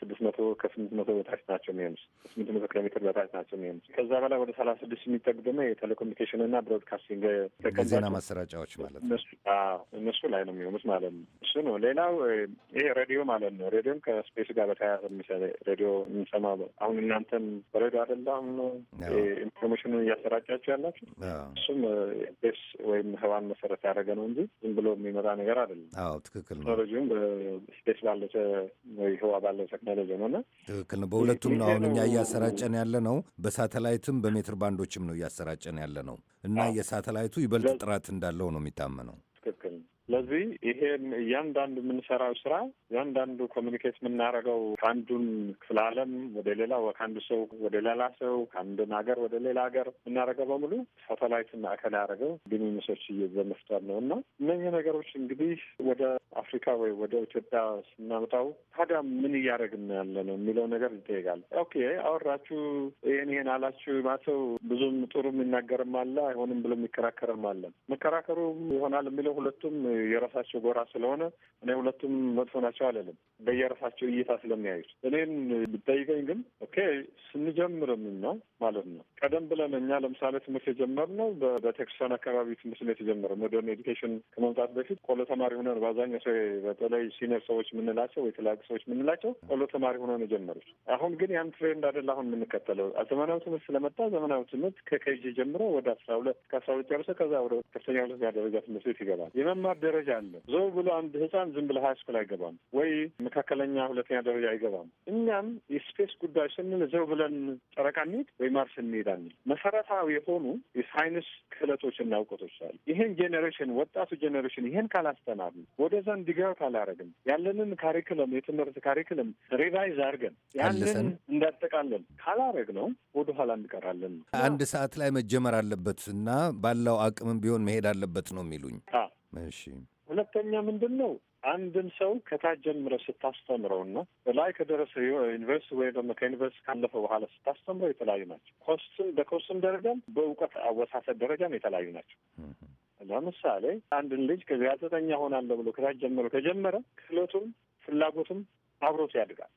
ስድስት መቶ ከስምንት መቶ በታች ናቸው የሚሆኑት ስምንት መቶ ኪሎ ሜትር በታች ናቸው የሚሆኑት። ከዛ በላይ ወደ ሰላሳ ስድስት የሚጠጉ ደግሞ የቴሌኮሙኒኬሽን እና ብሮድካስቲንግ ዜና ማሰራጫዎች ማለት ነው እነሱ ላይ ነው የሚሆኑት ማለት ነው። እሱ ነው ሌላው ይህ ሬዲዮ ማለት ነው። ሬዲዮም ከስፔስ ጋር በተያያዘ ምሳሌ ሬዲዮ የምንሰማ አሁን እናንተም በሬዲዮ አደላ ኢንፎርሜሽኑን እያሰራጫችሁ ያላችሁ እሱም ስፔስ ወይም ህዋን መሰረት ያደረገ ነው እንጂ ዝም ብሎ የሚመጣ ነገር አይደለም። አዎ ትክክል ነው። ቴክኖሎጂውም በስፔስ ባለፈ ወይ ህዋ ባለው ቴክኖሎጂ ነው እና ትክክል ነው። በሁለቱም ነው አሁን እኛ እያሰራጨን ያለ ነው። በሳተላይትም በሜትር ባንዶችም ነው እያሰራጨን ያለ ነው እና የሳተላይቱ ይበልጥ ጥራት እንዳለው ነው የሚታመነው። ስለዚህ ይሄን እያንዳንዱ የምንሰራው ስራ እያንዳንዱ ኮሚኒኬት የምናደርገው ከአንዱን ክፍለ ዓለም ወደ ሌላ ከአንዱ ሰው ወደ ሌላ ሰው ከአንድ ሀገር ወደ ሌላ ሀገር የምናደርገው በሙሉ ሳተላይት ማዕከል ያደረገው ግንኙነቶች እየዘመፍቷል ነው እና እነዚህ ነገሮች እንግዲህ ወደ አፍሪካ ወይ ወደ ኢትዮጵያ ስናመጣው ታዲያ ምን እያደረግን ያለ ነው የሚለው ነገር ይጠይቃል። ኦኬ አወራችሁ ይህን ይሄን አላችሁ ማተው ብዙም ጥሩ የሚናገርም አለ አይሆንም ብሎ የሚከራከርም አለ መከራከሩ ይሆናል የሚለው ሁለቱም የራሳቸው ጎራ ስለሆነ እኔ ሁለቱም መጥፎ ናቸው አለልም። በየራሳቸው እይታ ስለሚያዩት እኔን ብጠይቀኝ ግን ኦኬ ስንጀምርም ነው ማለት ነው። ቀደም ብለን እኛ ለምሳሌ ትምህርት የጀመርነው በቴክስቻን አካባቢ ትምህርት ቤት የተጀመረ ሞደርን ኤዲኬሽን ከመምጣት በፊት ቆሎ ተማሪ ሆነን በአብዛኛው ሰው በተለይ ሲኒየር ሰዎች የምንላቸው ወይ ትላቅ ሰዎች የምንላቸው ቆሎ ተማሪ ሆነን የጀመሩት። አሁን ግን ያን ትሬንድ አይደል አሁን የምንከተለው ዘመናዊ ትምህርት ስለመጣ ዘመናዊ ትምህርት ከኬጂ ጀምሮ ወደ አስራ ሁለት ከአስራ ሁለት ጨርሰ ከዛ ወደ ከፍተኛ ሁለተኛ ደረጃ ትምህርት ቤት ይገባል የመማር ደረጃ ደረጃ አለ። ዞር ብሎ አንድ ህፃን ዝም ብሎ ሀይ ስኩል አይገባም ወይ መካከለኛ ሁለተኛ ደረጃ አይገባም። እኛም የስፔስ ጉዳይ ስንል ዘው ብለን ጨረቃ እንሂድ ወይ ማርስ እንሂድ አንል። መሰረታዊ የሆኑ የሳይንስ ክህለቶች እና እውቀቶች አሉ። ይሄን ጄኔሬሽን ወጣቱ ጄኔሬሽን ይሄን ካላስተናል ወደዛ እንዲገባ ካላረግን ያለንን ካሪክለም የትምህርት ካሪክለም ሪቫይዝ አድርገን ያለን እንዳጠቃለን ካላረግ ነው ወደኋላ እንቀራለን። አንድ ሰዓት ላይ መጀመር አለበት እና ባለው አቅምም ቢሆን መሄድ አለበት ነው የሚሉኝ። እሺ ሁለተኛ ምንድን ነው አንድን ሰው ከታች ጀምረህ ስታስተምረው እና ላይ ከደረሰ ዩኒቨርሲቲ ወይ ደግሞ ከዩኒቨርሲቲ ካለፈ በኋላ ስታስተምረው የተለያዩ ናቸው። ኮስትም በኮስትም ደረጃም በእውቀት አወሳሰድ ደረጃም የተለያዩ ናቸው። ለምሳሌ አንድን ልጅ ጋዜጠኛ ሆናለሁ ብሎ ከታች ጀምሮ ከጀመረ ክህሎቱም ፍላጎቱም አብሮት ያድጋል።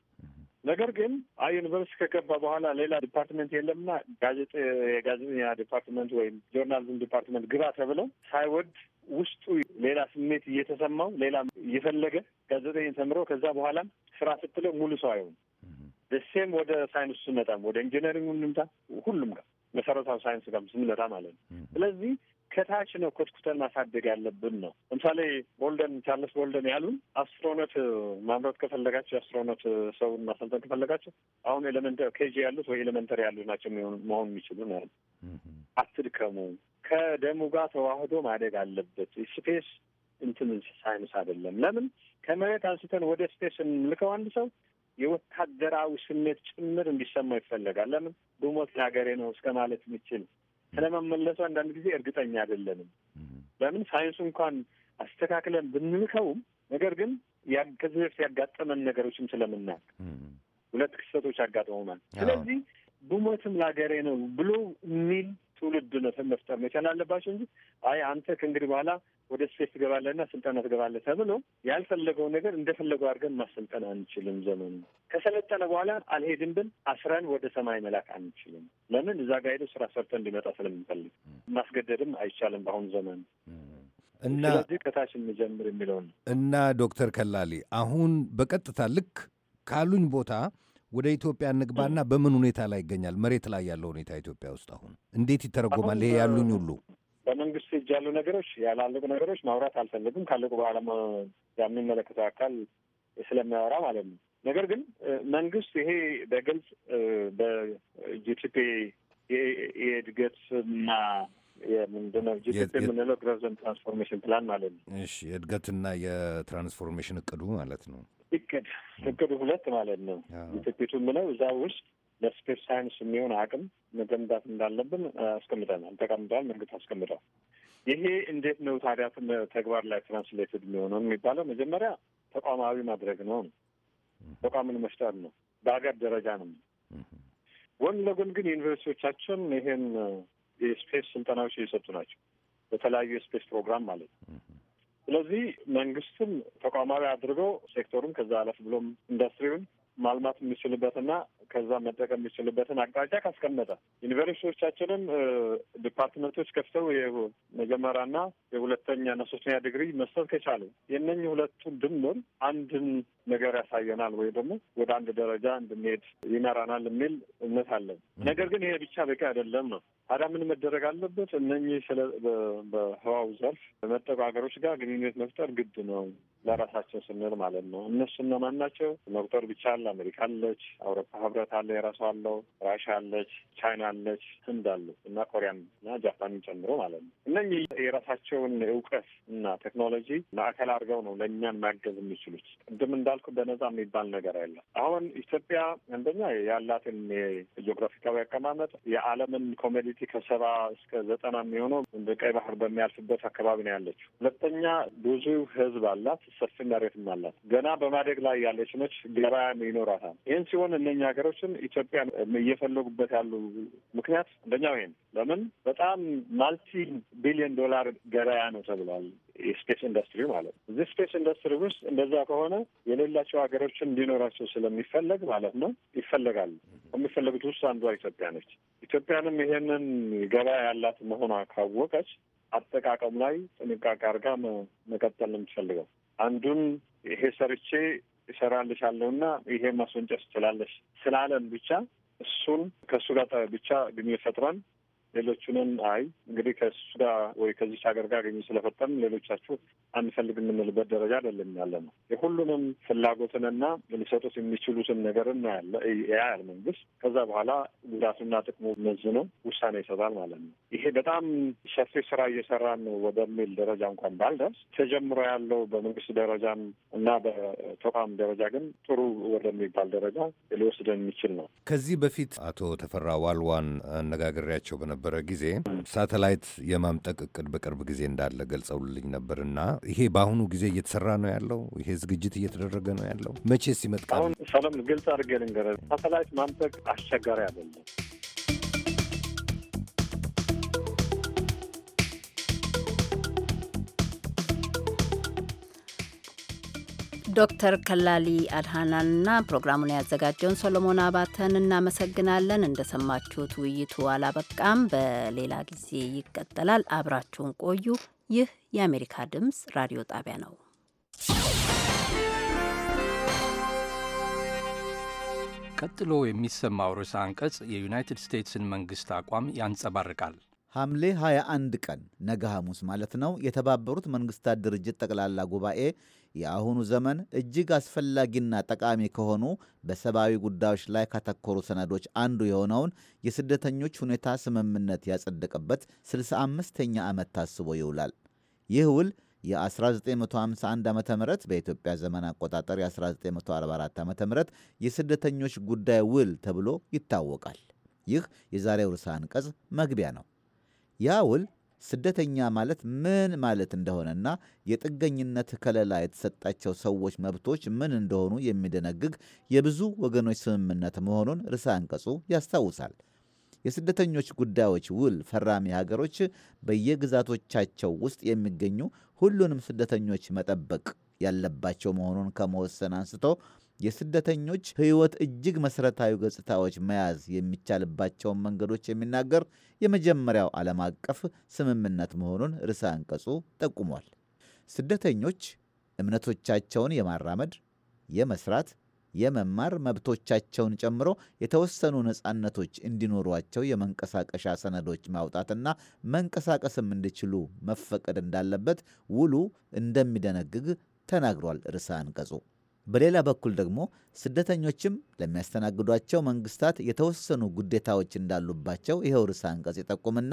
ነገር ግን አይ ዩኒቨርሲቲ ከገባ በኋላ ሌላ ዲፓርትመንት የለምና ጋዜጠ የጋዜጠኛ ዲፓርትመንት ወይም ጆርናሊዝም ዲፓርትመንት ግባ ተብለው ሳይወድ ውስጡ ሌላ ስሜት እየተሰማው ሌላ እየፈለገ ጋዜጠኝ ተምሮ ከዛ በኋላም ስራ ስትለው ሙሉ ሰው አይሆን ደሴም ወደ ሳይንስ ስመጣም ወደ ኢንጂነሪንግ እንምጣ ሁሉም ጋር መሰረታዊ ሳይንስ ጋር ስንመጣ ማለት ነው። ስለዚህ ከታች ነው ኮትኩተን ማሳደግ ያለብን ነው። ለምሳሌ ቦልደን ቻርልስ ቦልደን ያሉን አስትሮኖት ማምረት ከፈለጋቸው የአስትሮኖት ሰውን ማሰልጠን ከፈለጋቸው አሁን ኤሌመንተሪ ኬጂ ያሉት ወይ ኤሌመንተሪ ያሉት ናቸው መሆን የሚችሉ ነው ያሉ። አትድከሙ፣ ከደሙ ጋር ተዋህዶ ማደግ አለበት። ስፔስ እንትን ሳይንስ አይደለም። ለምን ከመሬት አንስተን ወደ ስፔስ እንልከው አንድ ሰው የወታደራዊ ስሜት ጭምር እንዲሰማው ይፈለጋል። ለምን ብሞት ለሀገሬ ነው እስከ ማለት የሚችል ስለመመለሱ አንዳንድ ጊዜ እርግጠኛ አይደለንም። ለምን ሳይንሱ እንኳን አስተካክለን ብንልከውም ነገር ግን ከዚህ በፊት ያጋጠመን ነገሮችም ስለምናውቅ ሁለት ክስተቶች ያጋጥመውናል። ስለዚህ ብሞትም ለሀገሬ ነው ብሎ የሚል ትውልድ መፍጠር መቻል አለባቸው እንጂ አይ አንተ ከእንግዲህ በኋላ ወደ ስፔስ ትገባለህ ስልጠና ትገባለ ተብሎ ያልፈለገው ነገር እንደፈለገው አድርገን ማሰልጠን አንችልም። ዘመኑ ከሰለጠነ በኋላ አልሄድም ብን አስረን ወደ ሰማይ መላክ አንችልም። ለምን እዛ ጋር ስራ ሰርተ እንዲመጣ ስለምንፈልግ ማስገደድም አይቻልም በአሁኑ ዘመን እና ስለዚህ ከታች እንጀምር የሚለው ነው። እና ዶክተር ከላሊ አሁን በቀጥታ ልክ ካሉኝ ቦታ ወደ ኢትዮጵያ እንግባና በምን ሁኔታ ላይ ይገኛል መሬት ላይ ያለው ሁኔታ ኢትዮጵያ ውስጥ አሁን እንዴት ይተረጎማል? ይሄ ያሉኝ ሁሉ በመንግስት እጅ ያሉ ነገሮች ያላለቁ ነገሮች ማውራት አልፈለግም። ካለቁ በኋላ የሚመለከተው አካል ስለሚያወራ ማለት ነው። ነገር ግን መንግስት ይሄ በግልጽ በጂቲፒ የእድገት እና ምንድነው ጂቲፒ የምንለው ግሮዝን ትራንስፎርሜሽን ፕላን ማለት ነው። እሺ የእድገትና የትራንስፎርሜሽን እቅዱ ማለት ነው። እቅድ እቅዱ ሁለት ማለት ነው። ጂቲፒ የምለው እዛ ውስጥ ለስፔስ ሳይንስ የሚሆን አቅም መገንባት እንዳለብን አስቀምጠናል፣ ተቀምጠዋል፣ መንግስት አስቀምጠዋል። ይሄ እንዴት ነው ታዲያ ተግባር ላይ ትራንስሌትድ የሚሆነው የሚባለው መጀመሪያ ተቋማዊ ማድረግ ነው፣ ተቋምን መፍጠር ነው፣ በሀገር ደረጃ ነው። ጎን ለጎን ግን ዩኒቨርሲቲዎቻችን ይሄን የስፔስ ስልጠናዎች እየሰጡ ናቸው፣ በተለያዩ የስፔስ ፕሮግራም ማለት ነው። ስለዚህ መንግስትም ተቋማዊ አድርገው ሴክተሩን ከዛ አለፍ ብሎም ኢንዱስትሪውን ማልማት የሚችልበትና ከዛ መጠቀም የሚችልበትን አቅጣጫ ካስቀመጠ ዩኒቨርስቲዎቻችንም ዲፓርትመንቶች ከፍተው የመጀመሪያና የሁለተኛና ሶስተኛ ዲግሪ መስጠት ከቻሉ የነኝ ሁለቱን ድምር አንድን ነገር ያሳየናል ወይ ደግሞ ወደ አንድ ደረጃ እንድንሄድ ይመራናል የሚል እምነት አለን። ነገር ግን ይሄ ብቻ በቂ አይደለም ነው። ታዲያ ምን መደረግ አለበት? እነኚህ ስለ በህዋው ዘርፍ በመጠቁ ሀገሮች ጋር ግንኙነት መፍጠር ግድ ነው፣ ለራሳችን ስንል ማለት ነው። እነሱ እነማን ናቸው? መቁጠር ብቻ አለ። አሜሪካ አለች፣ አውሮፓ ህብረት አለ፣ የራሱ አለው። ራሻ አለች፣ ቻይና አለች፣ ህንድ አለ እና ኮሪያን እና ጃፓንን ጨምሮ ማለት ነው። እነኚህ የራሳቸውን እውቀት እና ቴክኖሎጂ ማዕከል አድርገው ነው ለእኛን ማገዝ የሚችሉት። ቅድም እንዳልኩ በነጻ የሚባል ነገር የለም። አሁን ኢትዮጵያ አንደኛ ያላትን የጂኦግራፊካዊ አቀማመጥ የዓለምን ኮሞዲቲ ከሰባ እስከ ዘጠና የሚሆነው በቀይ ባህር በሚያልፍበት አካባቢ ነው ያለችው። ሁለተኛ ብዙ ህዝብ አላት፣ ሰፊ መሬትም አላት። ገና በማደግ ላይ ያለች ነች። ገበያም ይኖራታል። ይህን ሲሆን እነኛ ሀገሮች ነገሮችን ኢትዮጵያን እየፈለጉበት ያሉ ምክንያት አንደኛው ይሄን ለምን በጣም ማልቲ ቢሊዮን ዶላር ገበያ ነው ተብሏል። የስፔስ ኢንዱስትሪ ማለት ነው። እዚህ ስፔስ ኢንዱስትሪ ውስጥ እንደዛ ከሆነ የሌላቸው ሀገሮችን እንዲኖራቸው ስለሚፈለግ ማለት ነው ይፈለጋል ከሚፈለጉት ውስጥ አንዷ ኢትዮጵያ ነች። ኢትዮጵያንም ይሄንን ገበያ ያላት መሆኗ ካወቀች አጠቃቀም ላይ ጥንቃቄ አድርጋ መቀጠል ነው የምትፈልገው። አንዱን ይሄ ሰርቼ እሰራልሻለሁ እና ይሄ ማስወንጨፍ ትችላለሽ ስላለን ብቻ እሱን ከእሱ ጋር ብቻ ግንኙነት ፈጥረን ሌሎቹንን አይ እንግዲህ ከሱ ጋር ወይ ከዚች ሀገር ጋር አገኘ ስለፈጠም ሌሎቻችሁ አንፈልግ የምንልበት ደረጃ አይደለም ያለ ነው። የሁሉንም ፍላጎትንና ሊሰጡት የሚችሉትን ነገር ያለ ያያል መንግስት። ከዛ በኋላ ጉዳቱና ጥቅሙ መዝኖ ውሳኔ ይሰጣል ማለት ነው። ይሄ በጣም ሰፊ ስራ እየሰራን ነው ወደሚል ደረጃ እንኳን ባልደርስ ተጀምሮ ያለው በመንግስት ደረጃም እና በተቋም ደረጃ ግን ጥሩ ወደሚባል ደረጃ ሊወስደን የሚችል ነው። ከዚህ በፊት አቶ ተፈራ ዋልዋን አነጋግሬያቸው በነ በነበረ ጊዜ ሳተላይት የማምጠቅ እቅድ በቅርብ ጊዜ እንዳለ ገልጸውልኝ ነበር እና ይሄ በአሁኑ ጊዜ እየተሰራ ነው ያለው? ይሄ ዝግጅት እየተደረገ ነው ያለው? መቼ መቼስ ይመጥቃል? ሰለም ግልጽ አድርጌ ልንገርህ፣ ሳተላይት ማምጠቅ አስቸጋሪ አይደለም። ዶክተር ከላሊ አድሃናንና ፕሮግራሙን ያዘጋጀውን ሶሎሞን አባተን እናመሰግናለን። እንደሰማችሁት ውይይቱ አላበቃም፣ በሌላ ጊዜ ይቀጥላል። አብራችሁን ቆዩ። ይህ የአሜሪካ ድምፅ ራዲዮ ጣቢያ ነው። ቀጥሎ የሚሰማው ርዕሰ አንቀጽ የዩናይትድ ስቴትስን መንግሥት አቋም ያንጸባርቃል። ሐምሌ 21 ቀን ነገ ሐሙስ ማለት ነው የተባበሩት መንግሥታት ድርጅት ጠቅላላ ጉባኤ የአሁኑ ዘመን እጅግ አስፈላጊና ጠቃሚ ከሆኑ በሰብአዊ ጉዳዮች ላይ ካተኮሩ ሰነዶች አንዱ የሆነውን የስደተኞች ሁኔታ ስምምነት ያጸደቀበት 65ኛ ዓመት ታስቦ ይውላል። ይህ ውል የ1951 ዓ ም በኢትዮጵያ ዘመን አቆጣጠር የ1944 ዓ ም የስደተኞች ጉዳይ ውል ተብሎ ይታወቃል። ይህ የዛሬው ርዕሰ አንቀጽ መግቢያ ነው። ያ ውል ስደተኛ ማለት ምን ማለት እንደሆነና የጥገኝነት ከለላ የተሰጣቸው ሰዎች መብቶች ምን እንደሆኑ የሚደነግግ የብዙ ወገኖች ስምምነት መሆኑን ርዕሰ አንቀጹ ያስታውሳል። የስደተኞች ጉዳዮች ውል ፈራሚ ሀገሮች በየግዛቶቻቸው ውስጥ የሚገኙ ሁሉንም ስደተኞች መጠበቅ ያለባቸው መሆኑን ከመወሰን አንስቶ የስደተኞች ሕይወት እጅግ መሠረታዊ ገጽታዎች መያዝ የሚቻልባቸውን መንገዶች የሚናገር የመጀመሪያው ዓለም አቀፍ ስምምነት መሆኑን ርዕሰ አንቀጹ ጠቁሟል። ስደተኞች እምነቶቻቸውን የማራመድ፣ የመስራት፣ የመማር መብቶቻቸውን ጨምሮ የተወሰኑ ነጻነቶች እንዲኖሯቸው የመንቀሳቀሻ ሰነዶች ማውጣትና መንቀሳቀስም እንዲችሉ መፈቀድ እንዳለበት ውሉ እንደሚደነግግ ተናግሯል ርዕሰ አንቀጹ። በሌላ በኩል ደግሞ ስደተኞችም ለሚያስተናግዷቸው መንግስታት የተወሰኑ ግዴታዎች እንዳሉባቸው ይኸው ርዕሰ አንቀጽ ይጠቁምና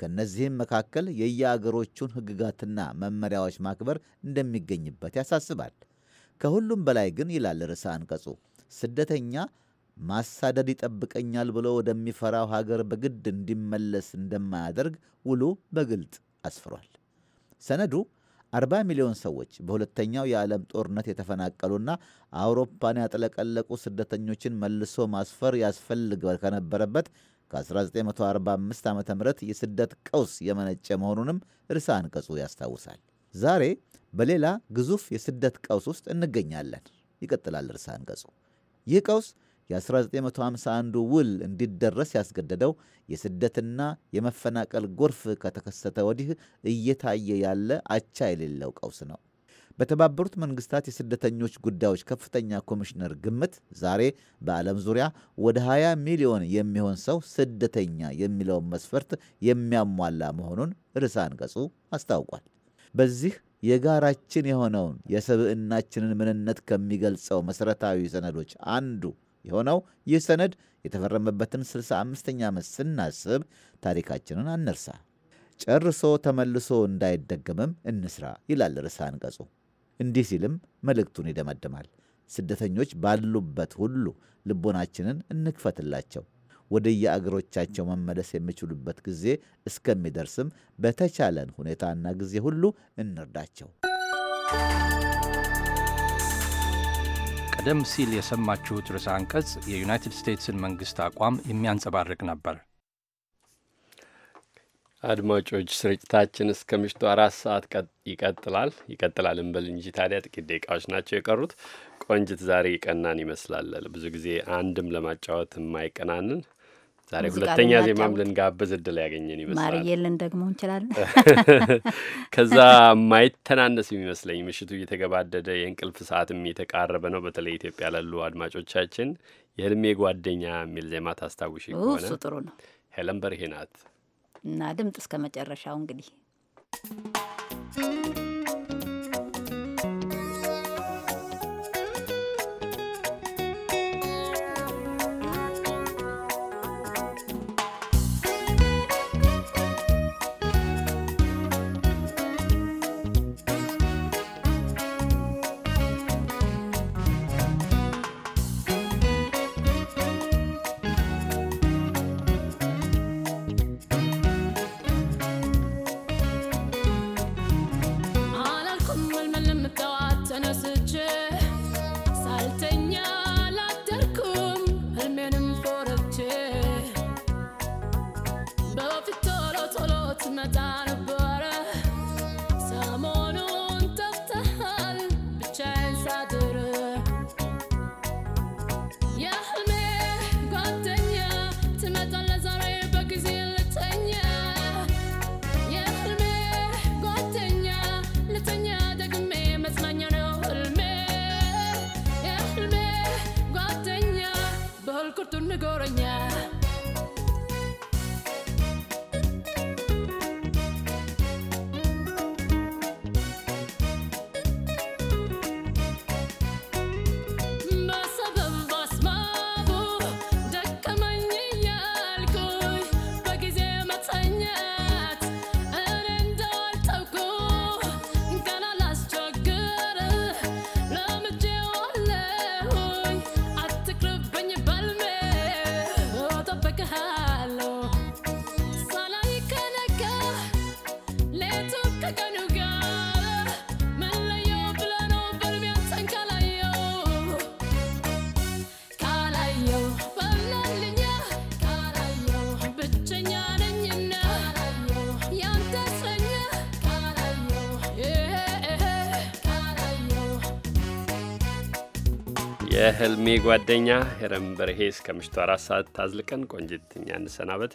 ከእነዚህም መካከል የየአገሮቹን ሕግጋትና መመሪያዎች ማክበር እንደሚገኝበት ያሳስባል። ከሁሉም በላይ ግን ይላል ርዕሰ አንቀጹ ስደተኛ ማሳደድ ይጠብቀኛል ብሎ ወደሚፈራው ሀገር በግድ እንዲመለስ እንደማያደርግ ውሉ በግልጽ አስፍሯል። ሰነዱ 40 ሚሊዮን ሰዎች በሁለተኛው የዓለም ጦርነት የተፈናቀሉና አውሮፓን ያጥለቀለቁ ስደተኞችን መልሶ ማስፈር ያስፈልግ ከነበረበት ከ1945 ዓ ም የስደት ቀውስ የመነጨ መሆኑንም ርዕሰ አንቀጹ ያስታውሳል። ዛሬ በሌላ ግዙፍ የስደት ቀውስ ውስጥ እንገኛለን፣ ይቀጥላል ርዕሰ አንቀጹ። ይህ ቀውስ የ1951 ውል እንዲደረስ ያስገደደው የስደትና የመፈናቀል ጎርፍ ከተከሰተ ወዲህ እየታየ ያለ አቻ የሌለው ቀውስ ነው። በተባበሩት መንግስታት የስደተኞች ጉዳዮች ከፍተኛ ኮሚሽነር ግምት ዛሬ በዓለም ዙሪያ ወደ 20 ሚሊዮን የሚሆን ሰው ስደተኛ የሚለውን መስፈርት የሚያሟላ መሆኑን ርዕሰ አንቀጹ አስታውቋል። በዚህ የጋራችን የሆነውን የሰብዕናችንን ምንነት ከሚገልጸው መሠረታዊ ሰነዶች አንዱ የሆነው ይህ ሰነድ የተፈረመበትን 65ኛ ዓመት ስናስብ ታሪካችንን አንርሳ፣ ጨርሶ ተመልሶ እንዳይደገምም እንስራ ይላል ርዕሰ አንቀጹ። እንዲህ ሲልም መልእክቱን ይደመድማል። ስደተኞች ባሉበት ሁሉ ልቦናችንን እንክፈትላቸው። ወደ የአገሮቻቸው መመለስ የሚችሉበት ጊዜ እስከሚደርስም በተቻለን ሁኔታና ጊዜ ሁሉ እንርዳቸው። ቀደም ሲል የሰማችሁት ርዕሰ አንቀጽ የዩናይትድ ስቴትስን መንግሥት አቋም የሚያንጸባርቅ ነበር። አድማጮች ስርጭታችን እስከ ምሽቱ አራት ሰዓት ይቀጥላል። ይቀጥላል እንበል እንጂ ታዲያ ጥቂት ደቂቃዎች ናቸው የቀሩት። ቆንጅት ዛሬ ቀናን ይመስላል። ብዙ ጊዜ አንድም ለማጫወት የማይቀናንን ዛሬ ሁለተኛ ዜማም ልንጋብዝ እድል ያገኘን ይመስላል። ማርየልን ደግሞ እንችላለን። ከዛ ማይተናነስ የሚመስለኝ ምሽቱ እየተገባደደ የእንቅልፍ ሰዓትም እየተቃረበ ነው። በተለይ ኢትዮጵያ ላሉ አድማጮቻችን የህልሜ ጓደኛ የሚል ዜማ ታስታውሽ ከሆነ እሱ ጥሩ ነው። ሄለን በርሄ ናት እና ድምፅ እስከ መጨረሻው እንግዲህ የህልሜ ጓደኛ ሄረም በርሄ እስከ ምሽቱ አራት ሰዓት ታዝልቀን ቆንጅትኛ ንሰናበት እንሰናበት።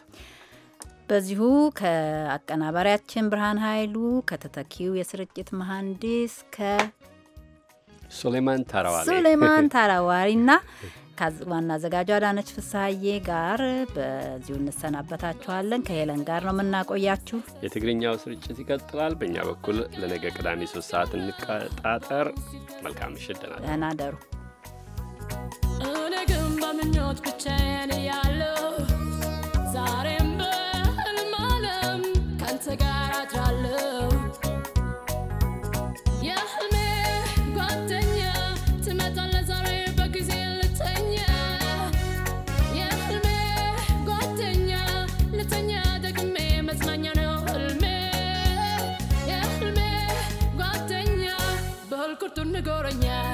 በዚሁ ከአቀናባሪያችን ብርሃን ኃይሉ ከተተኪው የስርጭት መሐንዲስ ከሱሌማን ታራዋሪ ሱሌማን ታራዋሪና ዋና አዘጋጇ አዳነች ፍስሀዬ ጋር በዚሁ እንሰናበታችኋለን። ከሄለን ጋር ነው የምናቆያችሁ። የትግርኛው ስርጭት ይቀጥላል። በእኛ በኩል ለነገ ቅዳሜ ሶስት ሰዓት እንቀጣጠር። መልካም ምሽት። ደህና ደሩ። እኔ ግን በምኞት ብቻዬን እያለሁ ዛሬም በህልም ዓለም ካንተ ጋር አድራለሁ። የህልሜ ጓደኛ ትመጣለህ ዛሬ በጊዜ ልተኛ። የህልሜ ጓደኛ ልተኛ ደግሜ መዝናኛ ነው ህልሜ። የህልሜ ጓደኛ በህልኩርቱ ንጎረኛ